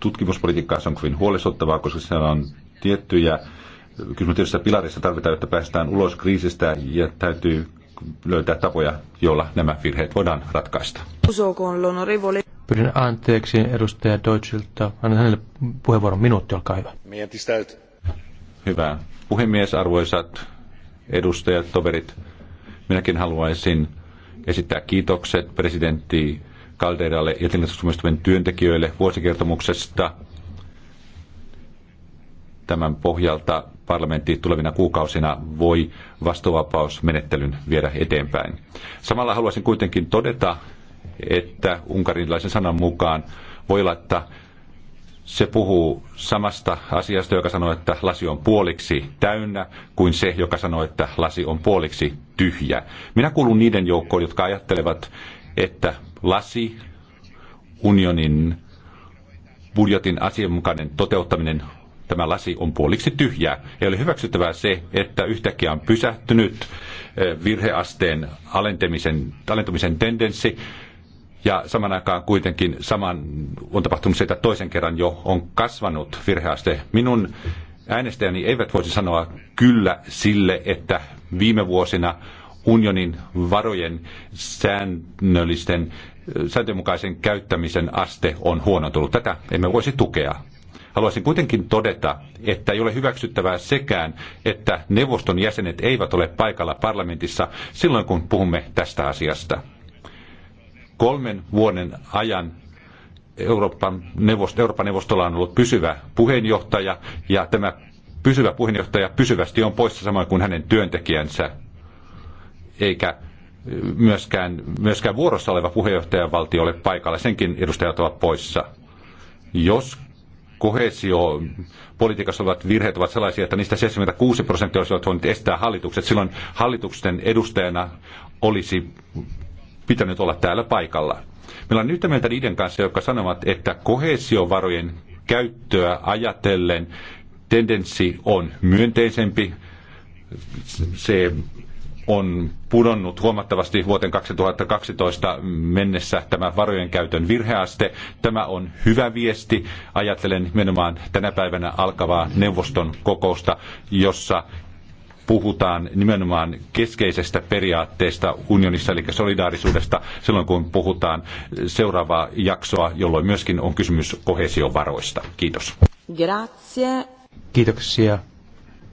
tutkimuspolitiikkaa, se on kovin huolestuttavaa, koska siellä on tiettyjä kysymyksiä. tietystä pilarissa tarvitaan, jotta päästään ulos kriisistä ja täytyy löytää tapoja, joilla nämä virheet voidaan ratkaista. Pyydän anteeksi edustaja Deutschilta. Annan hänelle puheenvuoron minuutti, olkaa hyvä. Hyvä. Puhemies, arvoisat edustajat, toverit. Minäkin haluaisin esittää kiitokset presidentti Kalderalle ja tilintarkastustuomioistuimen työntekijöille vuosikertomuksesta. Tämän pohjalta parlamentti tulevina kuukausina voi vastuuvapausmenettelyn viedä eteenpäin. Samalla haluaisin kuitenkin todeta, että unkarilaisen sanan mukaan voi olla, että se puhuu samasta asiasta, joka sanoo, että lasi on puoliksi täynnä, kuin se, joka sanoo, että lasi on puoliksi tyhjä. Minä kuulun niiden joukkoon, jotka ajattelevat, että lasi, unionin budjetin asianmukainen toteuttaminen tämä lasi on puoliksi tyhjä. Ei ole hyväksyttävää se, että yhtäkkiä on pysähtynyt eh, virheasteen alentamisen, alentamisen tendenssi, ja saman aikaan kuitenkin saman on tapahtunut se, että toisen kerran jo on kasvanut virheaste. Minun äänestäjäni eivät voisi sanoa kyllä sille, että viime vuosina unionin varojen säännöllisten sääntömukaisen käyttämisen aste on huonontunut. Tätä emme voisi tukea. Haluaisin kuitenkin todeta, että ei ole hyväksyttävää sekään, että neuvoston jäsenet eivät ole paikalla parlamentissa silloin, kun puhumme tästä asiasta. Kolmen vuoden ajan Euroopan, neuvosto, Euroopan neuvostolla on ollut pysyvä puheenjohtaja ja tämä pysyvä puheenjohtaja pysyvästi on poissa samoin kuin hänen työntekijänsä eikä myöskään, myöskään vuorossa oleva puheenjohtajavaltio ole paikalla. Senkin edustajat ovat poissa. Jos kohesio politiikassa olevat virheet ovat sellaisia, että niistä 76 prosenttia olisi voinut estää hallitukset, silloin hallituksen edustajana olisi pitänyt olla täällä paikalla. Meillä on yhtä mieltä niiden kanssa, jotka sanovat, että kohesiovarojen käyttöä ajatellen tendenssi on myönteisempi. Se on pudonnut huomattavasti vuoteen 2012 mennessä tämä varojen käytön virheaste. Tämä on hyvä viesti. Ajattelen nimenomaan tänä päivänä alkavaa neuvoston kokousta, jossa puhutaan nimenomaan keskeisestä periaatteesta unionissa, eli solidaarisuudesta, silloin kun puhutaan seuraavaa jaksoa, jolloin myöskin on kysymys kohesiovaroista. Kiitos. Grazie. Kiitoksia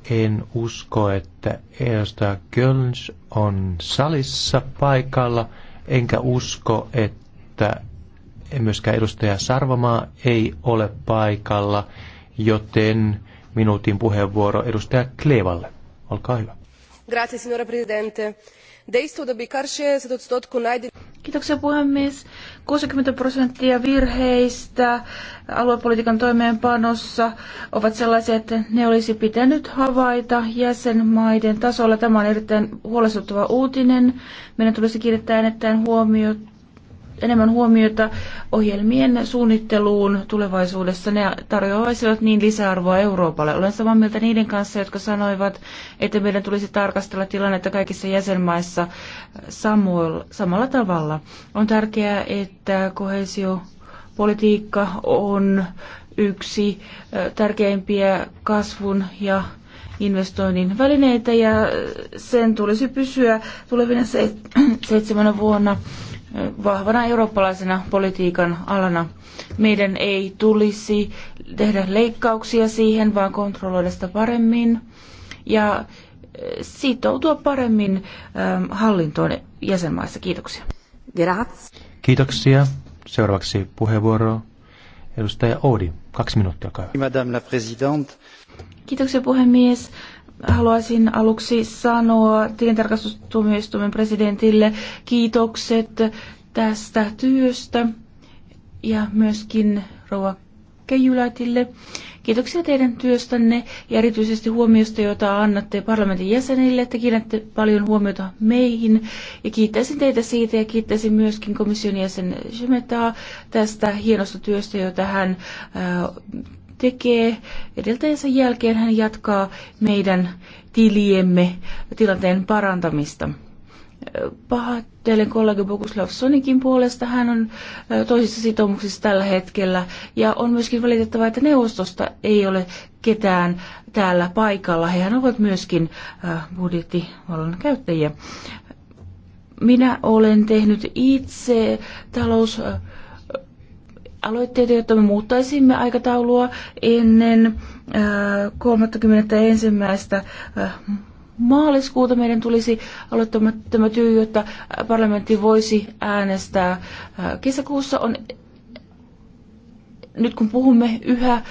en usko, että Eosta Kölns on salissa paikalla, enkä usko, että myöskään edustaja Sarvamaa ei ole paikalla, joten minuutin puheenvuoro edustaja Klevalle Olkaa hyvä. Grazie, signora Presidente. Kiitoksia puhemies. 60 prosenttia virheistä aluepolitiikan toimeenpanossa ovat sellaisia, että ne olisi pitänyt havaita jäsenmaiden tasolla. Tämä on erittäin huolestuttava uutinen. Meidän tulisi kiinnittää erittäin huomiota enemmän huomiota ohjelmien suunnitteluun tulevaisuudessa. Ne tarjoaisivat niin lisäarvoa Euroopalle. Olen samaa mieltä niiden kanssa, jotka sanoivat, että meidän tulisi tarkastella tilannetta kaikissa jäsenmaissa samalla tavalla. On tärkeää, että kohesiopolitiikka on yksi tärkeimpiä kasvun ja investoinnin välineitä ja sen tulisi pysyä tulevina seitsemänä vuonna vahvana eurooppalaisena politiikan alana. Meidän ei tulisi tehdä leikkauksia siihen, vaan kontrolloida sitä paremmin ja äh, sitoutua paremmin ähm, hallintoon jäsenmaissa. Kiitoksia. Kiitoksia. Seuraavaksi puheenvuoro edustaja Oodi. Kaksi minuuttia, olkaa Madame la Présidente. Kiitoksia puhemies. Haluaisin aluksi sanoa tilintarkastustuomioistuimen presidentille kiitokset tästä työstä ja myöskin rouva Keijulätille. Kiitoksia teidän työstänne ja erityisesti huomiosta, jota annatte parlamentin jäsenille, että kiinnitätte paljon huomiota meihin. Ja kiittäisin teitä siitä ja kiittäisin myöskin komission jäsen Shemetaa tästä hienosta työstä, jota hän äh, tekee edeltäjänsä jälkeen, hän jatkaa meidän tiliemme tilanteen parantamista. Pahoittelen kollega Boguslav Sonikin puolesta. Hän on toisissa sitoumuksissa tällä hetkellä ja on myöskin valitettava, että neuvostosta ei ole ketään täällä paikalla. Hehän ovat myöskin budjettivallan käyttäjiä. Minä olen tehnyt itse talous aloitteita, jotta me muuttaisimme aikataulua ennen 31. Äh, äh, maaliskuuta. Meidän tulisi aloittaa tämä työ, jotta parlamentti voisi äänestää äh, kesäkuussa. On nyt kun puhumme yhä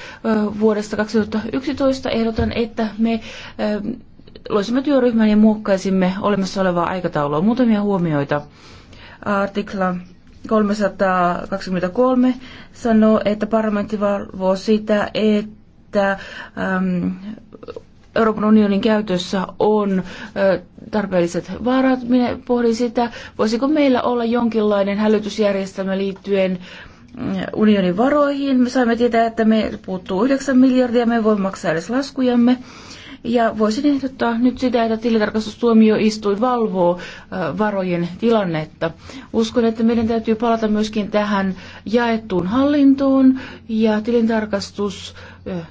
vuodesta 2011, ehdotan, että me loisimme työryhmän ja muokkaisimme olemassa olevaa aikataulua. Muutamia huomioita. Artikla 323 sanoo, että parlamentti valvoo sitä, että äm, Euroopan unionin käytössä on ö, tarpeelliset vaarat. Minä pohdin sitä, voisiko meillä olla jonkinlainen hälytysjärjestelmä liittyen mm, unionin varoihin. Me saimme tietää, että me puuttuu 9 miljardia, me voimme maksaa edes laskujamme. Ja voisin ehdottaa nyt sitä, että tilintarkastustuomioistuin valvoo varojen tilannetta. Uskon, että meidän täytyy palata myöskin tähän jaettuun hallintoon ja tilintarkastus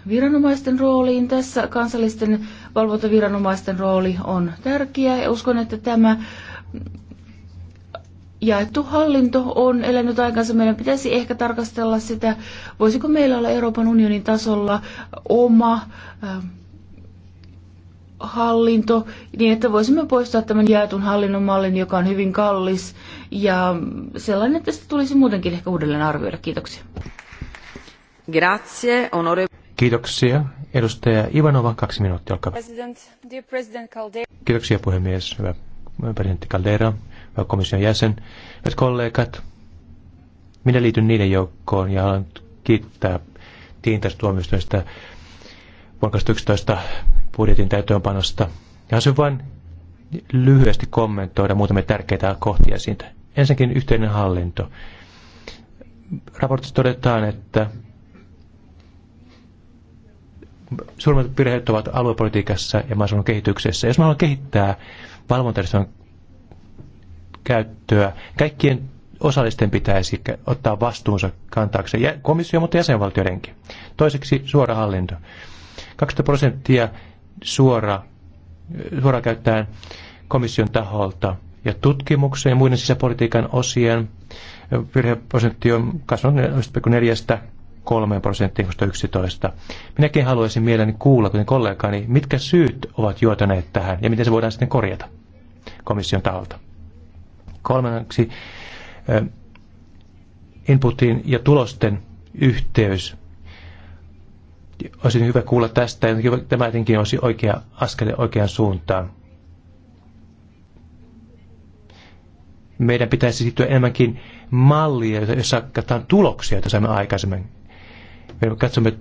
viranomaisten rooliin. Tässä kansallisten valvontaviranomaisten rooli on tärkeä ja uskon, että tämä jaettu hallinto on elänyt aikansa. Meidän pitäisi ehkä tarkastella sitä, voisiko meillä olla Euroopan unionin tasolla oma äh, hallinto, niin että voisimme poistaa tämän jaetun hallinnon mallin, joka on hyvin kallis, ja sellainen, että sitä tulisi muutenkin ehkä uudelleen arvioida. Kiitoksia. Grazie, onore. Kiitoksia. Edustaja Ivanova, kaksi minuuttia, olkaa President, President Kiitoksia puhemies, hyvä presidentti Caldera, hyvä komission jäsen, hyvät kollegat. Minä liityn niiden joukkoon ja haluan kiittää tiintästuomioistuimesta vuonna 2011 budjetin täytöönpanosta. Ja haluaisin vain lyhyesti kommentoida muutamia tärkeitä kohtia siitä. Ensinnäkin yhteinen hallinto. Raportissa todetaan, että suurimmat virheet ovat aluepolitiikassa ja maaseudun kehityksessä. Jos me haluamme kehittää valvontajärjestelmän käyttöä, kaikkien osallisten pitäisi ottaa vastuunsa kantaakseen komissio, mutta jäsenvaltioidenkin. Toiseksi suora hallinto. 20 prosenttia suora, suora käyttäen komission taholta. Ja tutkimuksen ja muiden sisäpolitiikan osien virheprosentti on kasvanut 4 3 prosenttiin 11. Minäkin haluaisin mielelläni kuulla, kuten kollegani, mitkä syyt ovat juotaneet tähän ja miten se voidaan sitten korjata komission taholta. Kolmanneksi eh, inputin ja tulosten yhteys olisi hyvä kuulla tästä, ja tämä jotenkin olisi oikea askel oikeaan suuntaan. Meidän pitäisi siirtyä enemmänkin mallia, jossa katsotaan tuloksia, joita saimme aikaisemmin. Me katsomme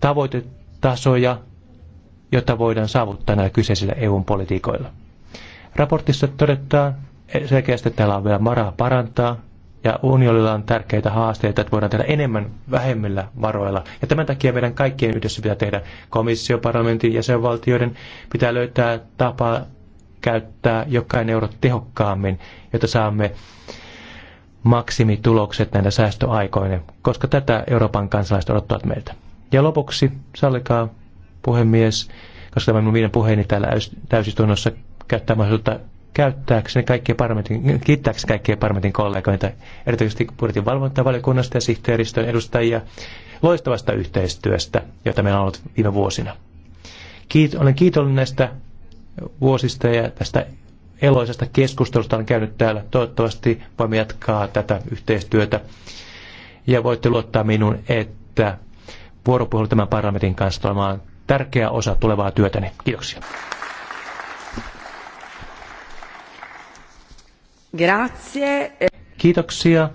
tavoitetasoja, jota voidaan saavuttaa näillä kyseisillä EU-politiikoilla. Raportissa todetaan selkeästi, että täällä on vielä maraa parantaa, ja unionilla on tärkeitä haasteita, että voidaan tehdä enemmän vähemmillä varoilla. Ja tämän takia meidän kaikkien yhdessä pitää tehdä. Komissio, parlamentin, valtioiden pitää löytää tapa käyttää jokainen euro tehokkaammin, jotta saamme maksimitulokset näinä säästöaikoina, koska tätä Euroopan kansalaiset odottavat meiltä. Ja lopuksi, sallikaa puhemies, koska tämä minun viiden puheeni täällä täysistunnossa käyttää mahdollisuutta käyttääkseni kaikkien parlamentin, kiittääkseni kaikkien parlamentin kollegoita, erityisesti budjetin valvontavaliokunnasta ja sihteeristön edustajia, loistavasta yhteistyöstä, jota meillä on ollut viime vuosina. Kiit- olen kiitollinen näistä vuosista ja tästä eloisesta keskustelusta on käynyt täällä. Toivottavasti voimme jatkaa tätä yhteistyötä. Ja voitte luottaa minun, että vuoropuhelu tämän parlamentin kanssa on tärkeä osa tulevaa työtäni. Kiitoksia. Grazie. Kiitoksia.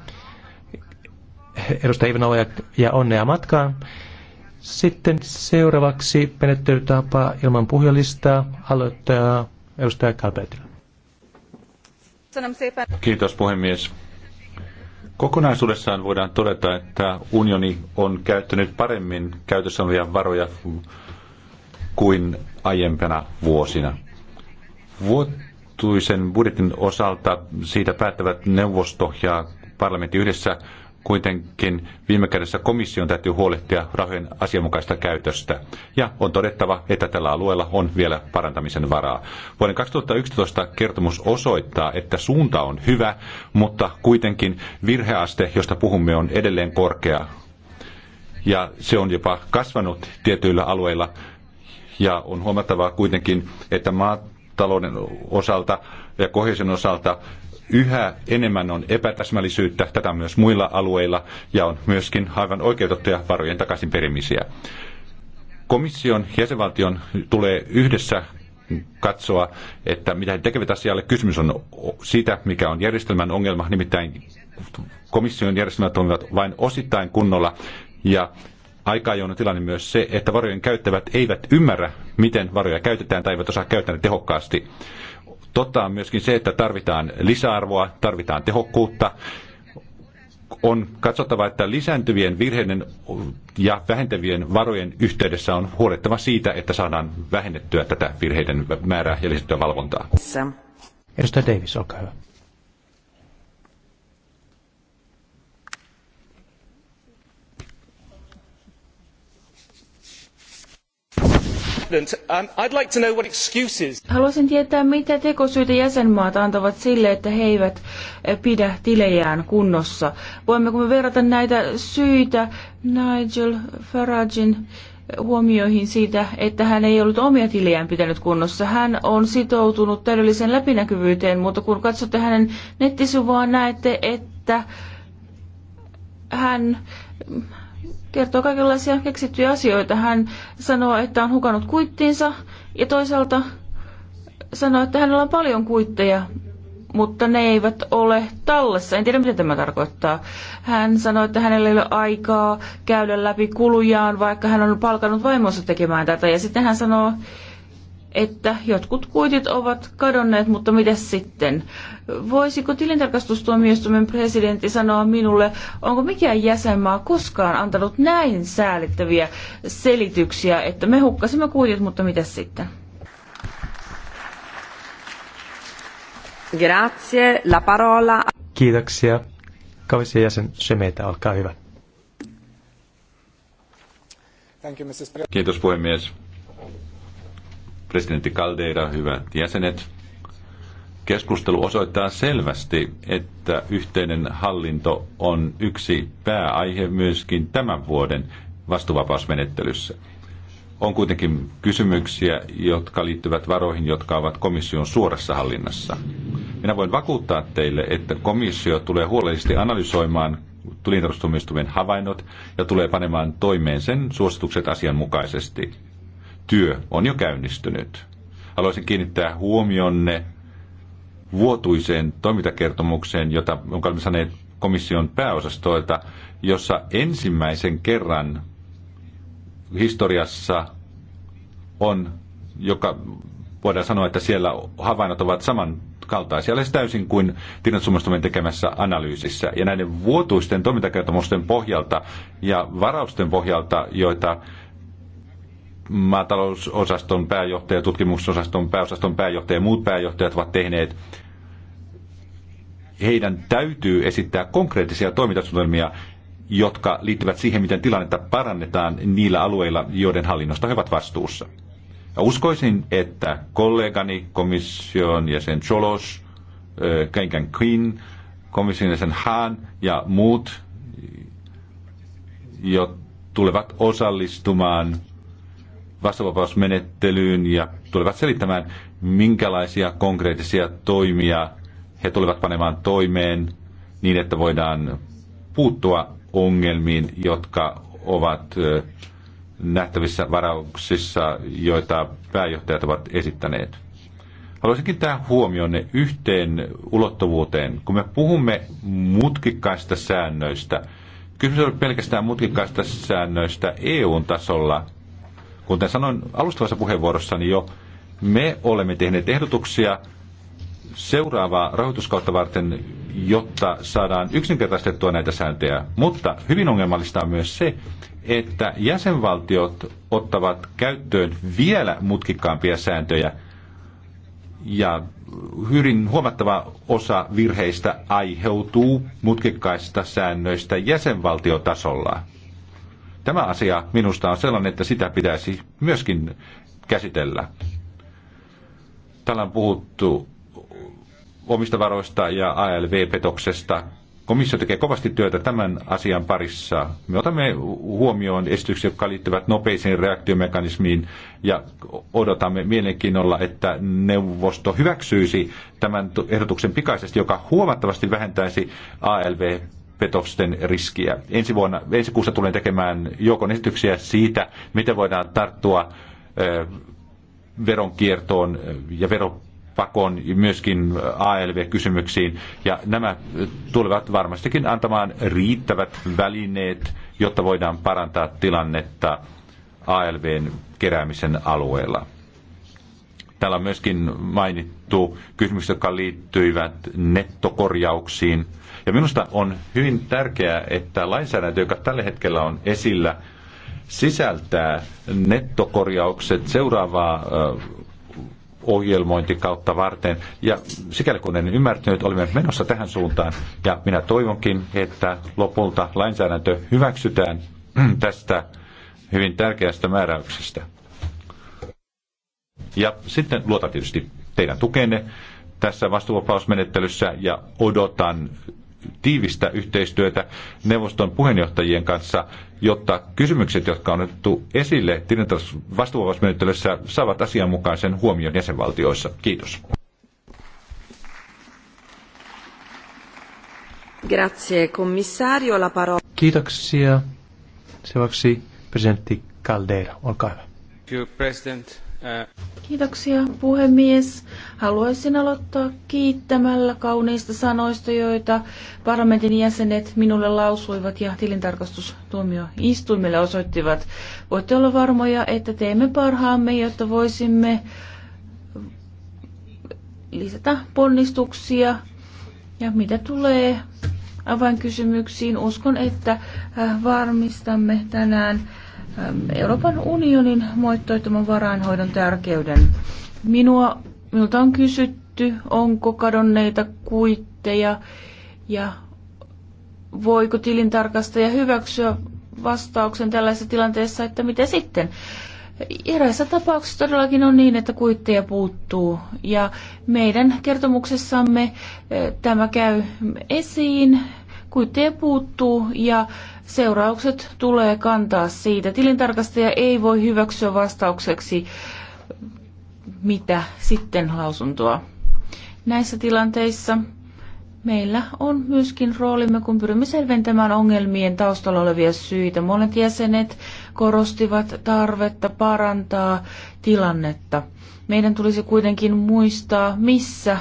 Edustaja Ivanova ja, ja onnea matkaan. Sitten seuraavaksi menettelytapa ilman puhujalistaa aloittaa edustaja Kalpeetilä. Kiitos puhemies. Kokonaisuudessaan voidaan todeta, että unioni on käyttänyt paremmin käytössä olevia varoja kuin aiempana vuosina. Vuot- vuotuisen budjetin osalta siitä päättävät neuvosto ja parlamentti yhdessä. Kuitenkin viime kädessä komission täytyy huolehtia rahojen asianmukaista käytöstä. Ja on todettava, että tällä alueella on vielä parantamisen varaa. Vuoden 2011 kertomus osoittaa, että suunta on hyvä, mutta kuitenkin virheaste, josta puhumme, on edelleen korkea. Ja se on jopa kasvanut tietyillä alueilla. Ja on huomattavaa kuitenkin, että maat talouden osalta ja kohesion osalta yhä enemmän on epätäsmällisyyttä, tätä myös muilla alueilla, ja on myöskin aivan oikeutettuja varojen takaisin perimisiä. Komission jäsenvaltion tulee yhdessä katsoa, että mitä he tekevät asialle. Kysymys on siitä, mikä on järjestelmän ongelma, nimittäin komission järjestelmät toimivat vain osittain kunnolla, ja Aika ajoin on tilanne myös se, että varojen käyttävät eivät ymmärrä, miten varoja käytetään tai eivät osaa käyttää ne tehokkaasti. Totta on myöskin se, että tarvitaan lisäarvoa, tarvitaan tehokkuutta. On katsottava, että lisääntyvien virheiden ja vähentävien varojen yhteydessä on huolettava siitä, että saadaan vähennettyä tätä virheiden määrää ja lisättyä valvontaa. Edustaja Davis, olkaa hyvä. Um, Haluaisin tietää, mitä tekosyitä jäsenmaat antavat sille, että he eivät eh, pidä tilejään kunnossa. Voimmeko me verrata näitä syitä Nigel Faragein eh, huomioihin siitä, että hän ei ollut omia tilejään pitänyt kunnossa. Hän on sitoutunut täydelliseen läpinäkyvyyteen, mutta kun katsotte hänen nettisivuaan, näette, että hän kertoo kaikenlaisia keksittyjä asioita. Hän sanoo, että on hukannut kuittiinsa ja toisaalta sanoo, että hänellä on paljon kuitteja, mutta ne eivät ole tallessa. En tiedä, mitä tämä tarkoittaa. Hän sanoi, että hänellä ei ole aikaa käydä läpi kulujaan, vaikka hän on palkannut vaimonsa tekemään tätä. Ja sitten hän sanoo, että jotkut kuitit ovat kadonneet, mutta mitä sitten? Voisiko tilintarkastustuomioistuimen presidentti sanoa minulle, onko mikään jäsenmaa koskaan antanut näin säälittäviä selityksiä, että me hukkasimme kuitit, mutta mitä sitten? Grazie, la parola. Kiitoksia. Komission jäsen Semeitä, olkaa hyvä. Kiitos puhemies presidentti Caldeira, hyvät jäsenet. Keskustelu osoittaa selvästi, että yhteinen hallinto on yksi pääaihe myöskin tämän vuoden vastuvapausmenettelyssä. On kuitenkin kysymyksiä, jotka liittyvät varoihin, jotka ovat komission suorassa hallinnassa. Minä voin vakuuttaa teille, että komissio tulee huolellisesti analysoimaan tilintarkastustuomioistuimen havainnot ja tulee panemaan toimeen sen suositukset asianmukaisesti työ on jo käynnistynyt. Haluaisin kiinnittää huomionne vuotuiseen toimintakertomukseen, jota, on olemme saaneet komission pääosastoilta, jossa ensimmäisen kerran historiassa on, joka voidaan sanoa, että siellä havainnot ovat samankaltaisia, lähes täysin kuin Tinnatsumastomen tekemässä analyysissä. Ja näiden vuotuisten toimintakertomusten pohjalta ja varausten pohjalta, joita maatalousosaston pääjohtaja, tutkimusosaston pääosaston pääjohtaja ja muut pääjohtajat ovat tehneet, heidän täytyy esittää konkreettisia toimintasuunnitelmia, jotka liittyvät siihen, miten tilannetta parannetaan niillä alueilla, joiden hallinnosta he ovat vastuussa. Ja uskoisin, että kollegani komission jäsen Cholos, Kenkän Queen, komission jäsen Hahn ja muut jo tulevat osallistumaan vastavapausmenettelyyn ja tulevat selittämään, minkälaisia konkreettisia toimia he tulevat panemaan toimeen niin, että voidaan puuttua ongelmiin, jotka ovat nähtävissä varauksissa, joita pääjohtajat ovat esittäneet. Haluaisin kiinnittää huomionne yhteen ulottuvuuteen. Kun me puhumme mutkikkaista säännöistä, kysymys on pelkästään mutkikkaista säännöistä eu tasolla – Kuten sanoin alustavassa puheenvuorossani jo, me olemme tehneet ehdotuksia seuraavaa rahoituskautta varten, jotta saadaan yksinkertaistettua näitä sääntöjä. Mutta hyvin ongelmallista on myös se, että jäsenvaltiot ottavat käyttöön vielä mutkikkaampia sääntöjä ja hyvin huomattava osa virheistä aiheutuu mutkikkaista säännöistä jäsenvaltiotasolla. Tämä asia minusta on sellainen, että sitä pitäisi myöskin käsitellä. Täällä on puhuttu omista varoista ja ALV-petoksesta. Komissio tekee kovasti työtä tämän asian parissa. Me otamme huomioon esityksiä, jotka liittyvät nopeisiin reaktiomekanismiin ja odotamme mielenkiinnolla, että neuvosto hyväksyisi tämän ehdotuksen pikaisesti, joka huomattavasti vähentäisi ALV petosten riskiä. Ensi, vuonna, ensi kuussa tulen tekemään joukon esityksiä siitä, miten voidaan tarttua veronkiertoon ja veropakoon, ja myöskin ALV-kysymyksiin. Ja nämä tulevat varmastikin antamaan riittävät välineet, jotta voidaan parantaa tilannetta ALVn keräämisen alueella. Täällä on myöskin mainittu kysymykset, jotka liittyivät nettokorjauksiin – ja minusta on hyvin tärkeää, että lainsäädäntö, joka tällä hetkellä on esillä, sisältää nettokorjaukset seuraavaa ohjelmointikautta varten. Ja sikäli kun en ymmärtänyt, olimme menossa tähän suuntaan. Ja minä toivonkin, että lopulta lainsäädäntö hyväksytään tästä hyvin tärkeästä määräyksestä. Ja sitten luotan tietysti teidän tukenne tässä vastuuvapausmenettelyssä ja odotan tiivistä yhteistyötä neuvoston puheenjohtajien kanssa, jotta kysymykset, jotka on otettu esille vastuuvausmenettelyssä, saavat asianmukaisen huomion jäsenvaltioissa. Kiitos. Grazie, commissario. La parola. Kiitoksia. Seuraavaksi presidentti Caldera, olkaa hyvä. president. Kiitoksia puhemies. Haluaisin aloittaa kiittämällä kauniista sanoista, joita parlamentin jäsenet minulle lausuivat ja tilintarkastustuomioistuimelle osoittivat. Voitte olla varmoja, että teemme parhaamme, jotta voisimme lisätä ponnistuksia. Ja mitä tulee avainkysymyksiin, uskon, että äh, varmistamme tänään Euroopan unionin moittoittoman varainhoidon tärkeyden. Minua, minulta on kysytty, onko kadonneita kuitteja ja voiko tilintarkastaja hyväksyä vastauksen tällaisessa tilanteessa, että mitä sitten? Eräissä tapauksissa todellakin on niin, että kuitteja puuttuu ja meidän kertomuksessamme tämä käy esiin kuitteja puuttuu ja seuraukset tulee kantaa siitä. Tilintarkastaja ei voi hyväksyä vastaukseksi mitä sitten lausuntoa. Näissä tilanteissa meillä on myöskin roolimme, kun pyrimme selventämään ongelmien taustalla olevia syitä. Monet jäsenet korostivat tarvetta parantaa tilannetta. Meidän tulisi kuitenkin muistaa, missä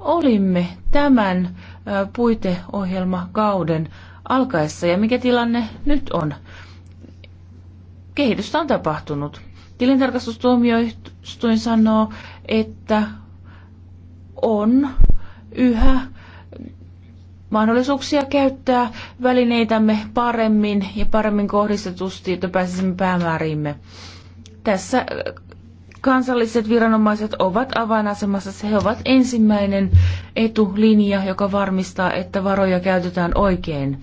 olimme tämän puiteohjelmakauden alkaessa ja mikä tilanne nyt on. Kehitystä on tapahtunut. Tilintarkastustuomioistuin sanoo, että on yhä mahdollisuuksia käyttää välineitämme paremmin ja paremmin kohdistetusti, jotta pääsisimme päämääriimme. Tässä kansalliset viranomaiset ovat avainasemassa. He ovat ensimmäinen etulinja, joka varmistaa, että varoja käytetään oikein.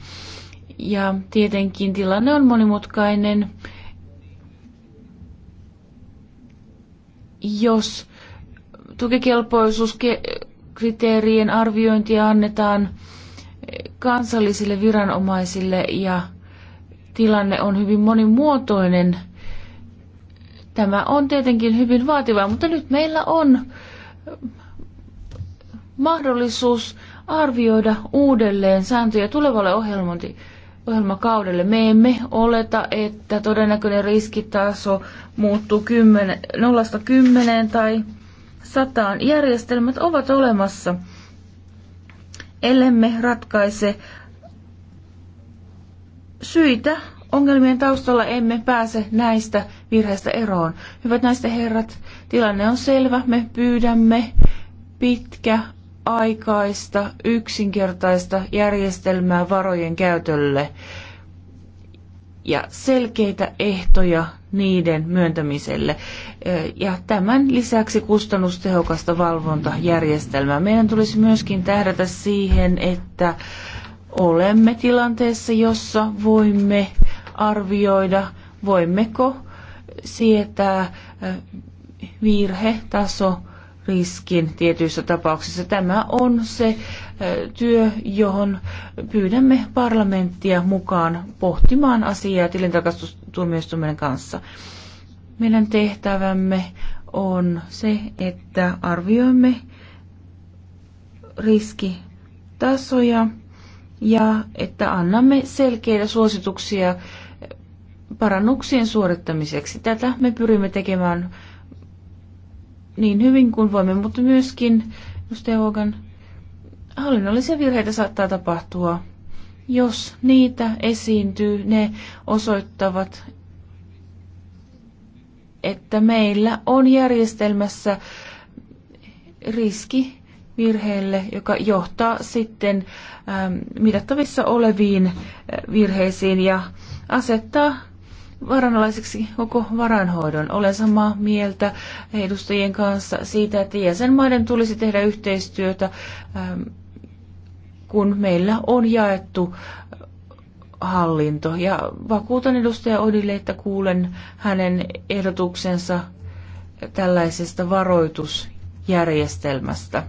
Ja tietenkin tilanne on monimutkainen. Jos tukikelpoisuuskriteerien arviointia annetaan kansallisille viranomaisille ja tilanne on hyvin monimuotoinen – Tämä on tietenkin hyvin vaativaa, mutta nyt meillä on mahdollisuus arvioida uudelleen sääntöjä tulevalle ohjelmointi ohjelmakaudelle. Me emme oleta, että todennäköinen riskitaso muuttuu 0-10 tai 100. Järjestelmät ovat olemassa, ellemme ratkaise syitä ongelmien taustalla emme pääse näistä virheistä eroon. Hyvät näistä herrat, tilanne on selvä. Me pyydämme pitkä aikaista, yksinkertaista järjestelmää varojen käytölle ja selkeitä ehtoja niiden myöntämiselle. Ja tämän lisäksi kustannustehokasta valvontajärjestelmää. Meidän tulisi myöskin tähdätä siihen, että olemme tilanteessa, jossa voimme arvioida, voimmeko sietää virhetaso riskin tietyissä tapauksissa. Tämä on se työ, johon pyydämme parlamenttia mukaan pohtimaan asiaa tilintarkastustuomioistuimen kanssa. Meidän tehtävämme on se, että arvioimme riskitasoja ja että annamme selkeitä suosituksia parannuksien suorittamiseksi. Tätä me pyrimme tekemään niin hyvin kuin voimme, mutta myöskin, edustaja Hogan, hallinnollisia virheitä saattaa tapahtua. Jos niitä esiintyy, ne osoittavat, että meillä on järjestelmässä riski virheelle, joka johtaa sitten ähm, mitattavissa oleviin äh, virheisiin ja asettaa varanalaisiksi koko varanhoidon. Olen samaa mieltä edustajien kanssa siitä, että jäsenmaiden tulisi tehdä yhteistyötä, ähm, kun meillä on jaettu äh, hallinto. Ja vakuutan edustaja Odille, että kuulen hänen ehdotuksensa tällaisesta varoitusjärjestelmästä.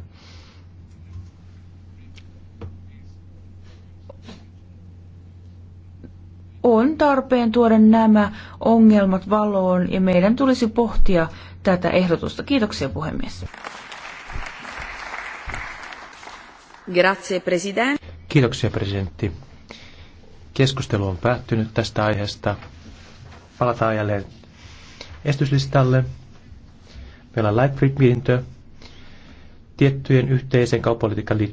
on tarpeen tuoda nämä ongelmat valoon ja meidän tulisi pohtia tätä ehdotusta. Kiitoksia puhemies. Grazie, president. Kiitoksia presidentti. Keskustelu on päättynyt tästä aiheesta. Palataan jälleen estyslistalle. Meillä on Lightbreed-mietintö tiettyjen yhteisen kauppapolitiikan liittyen.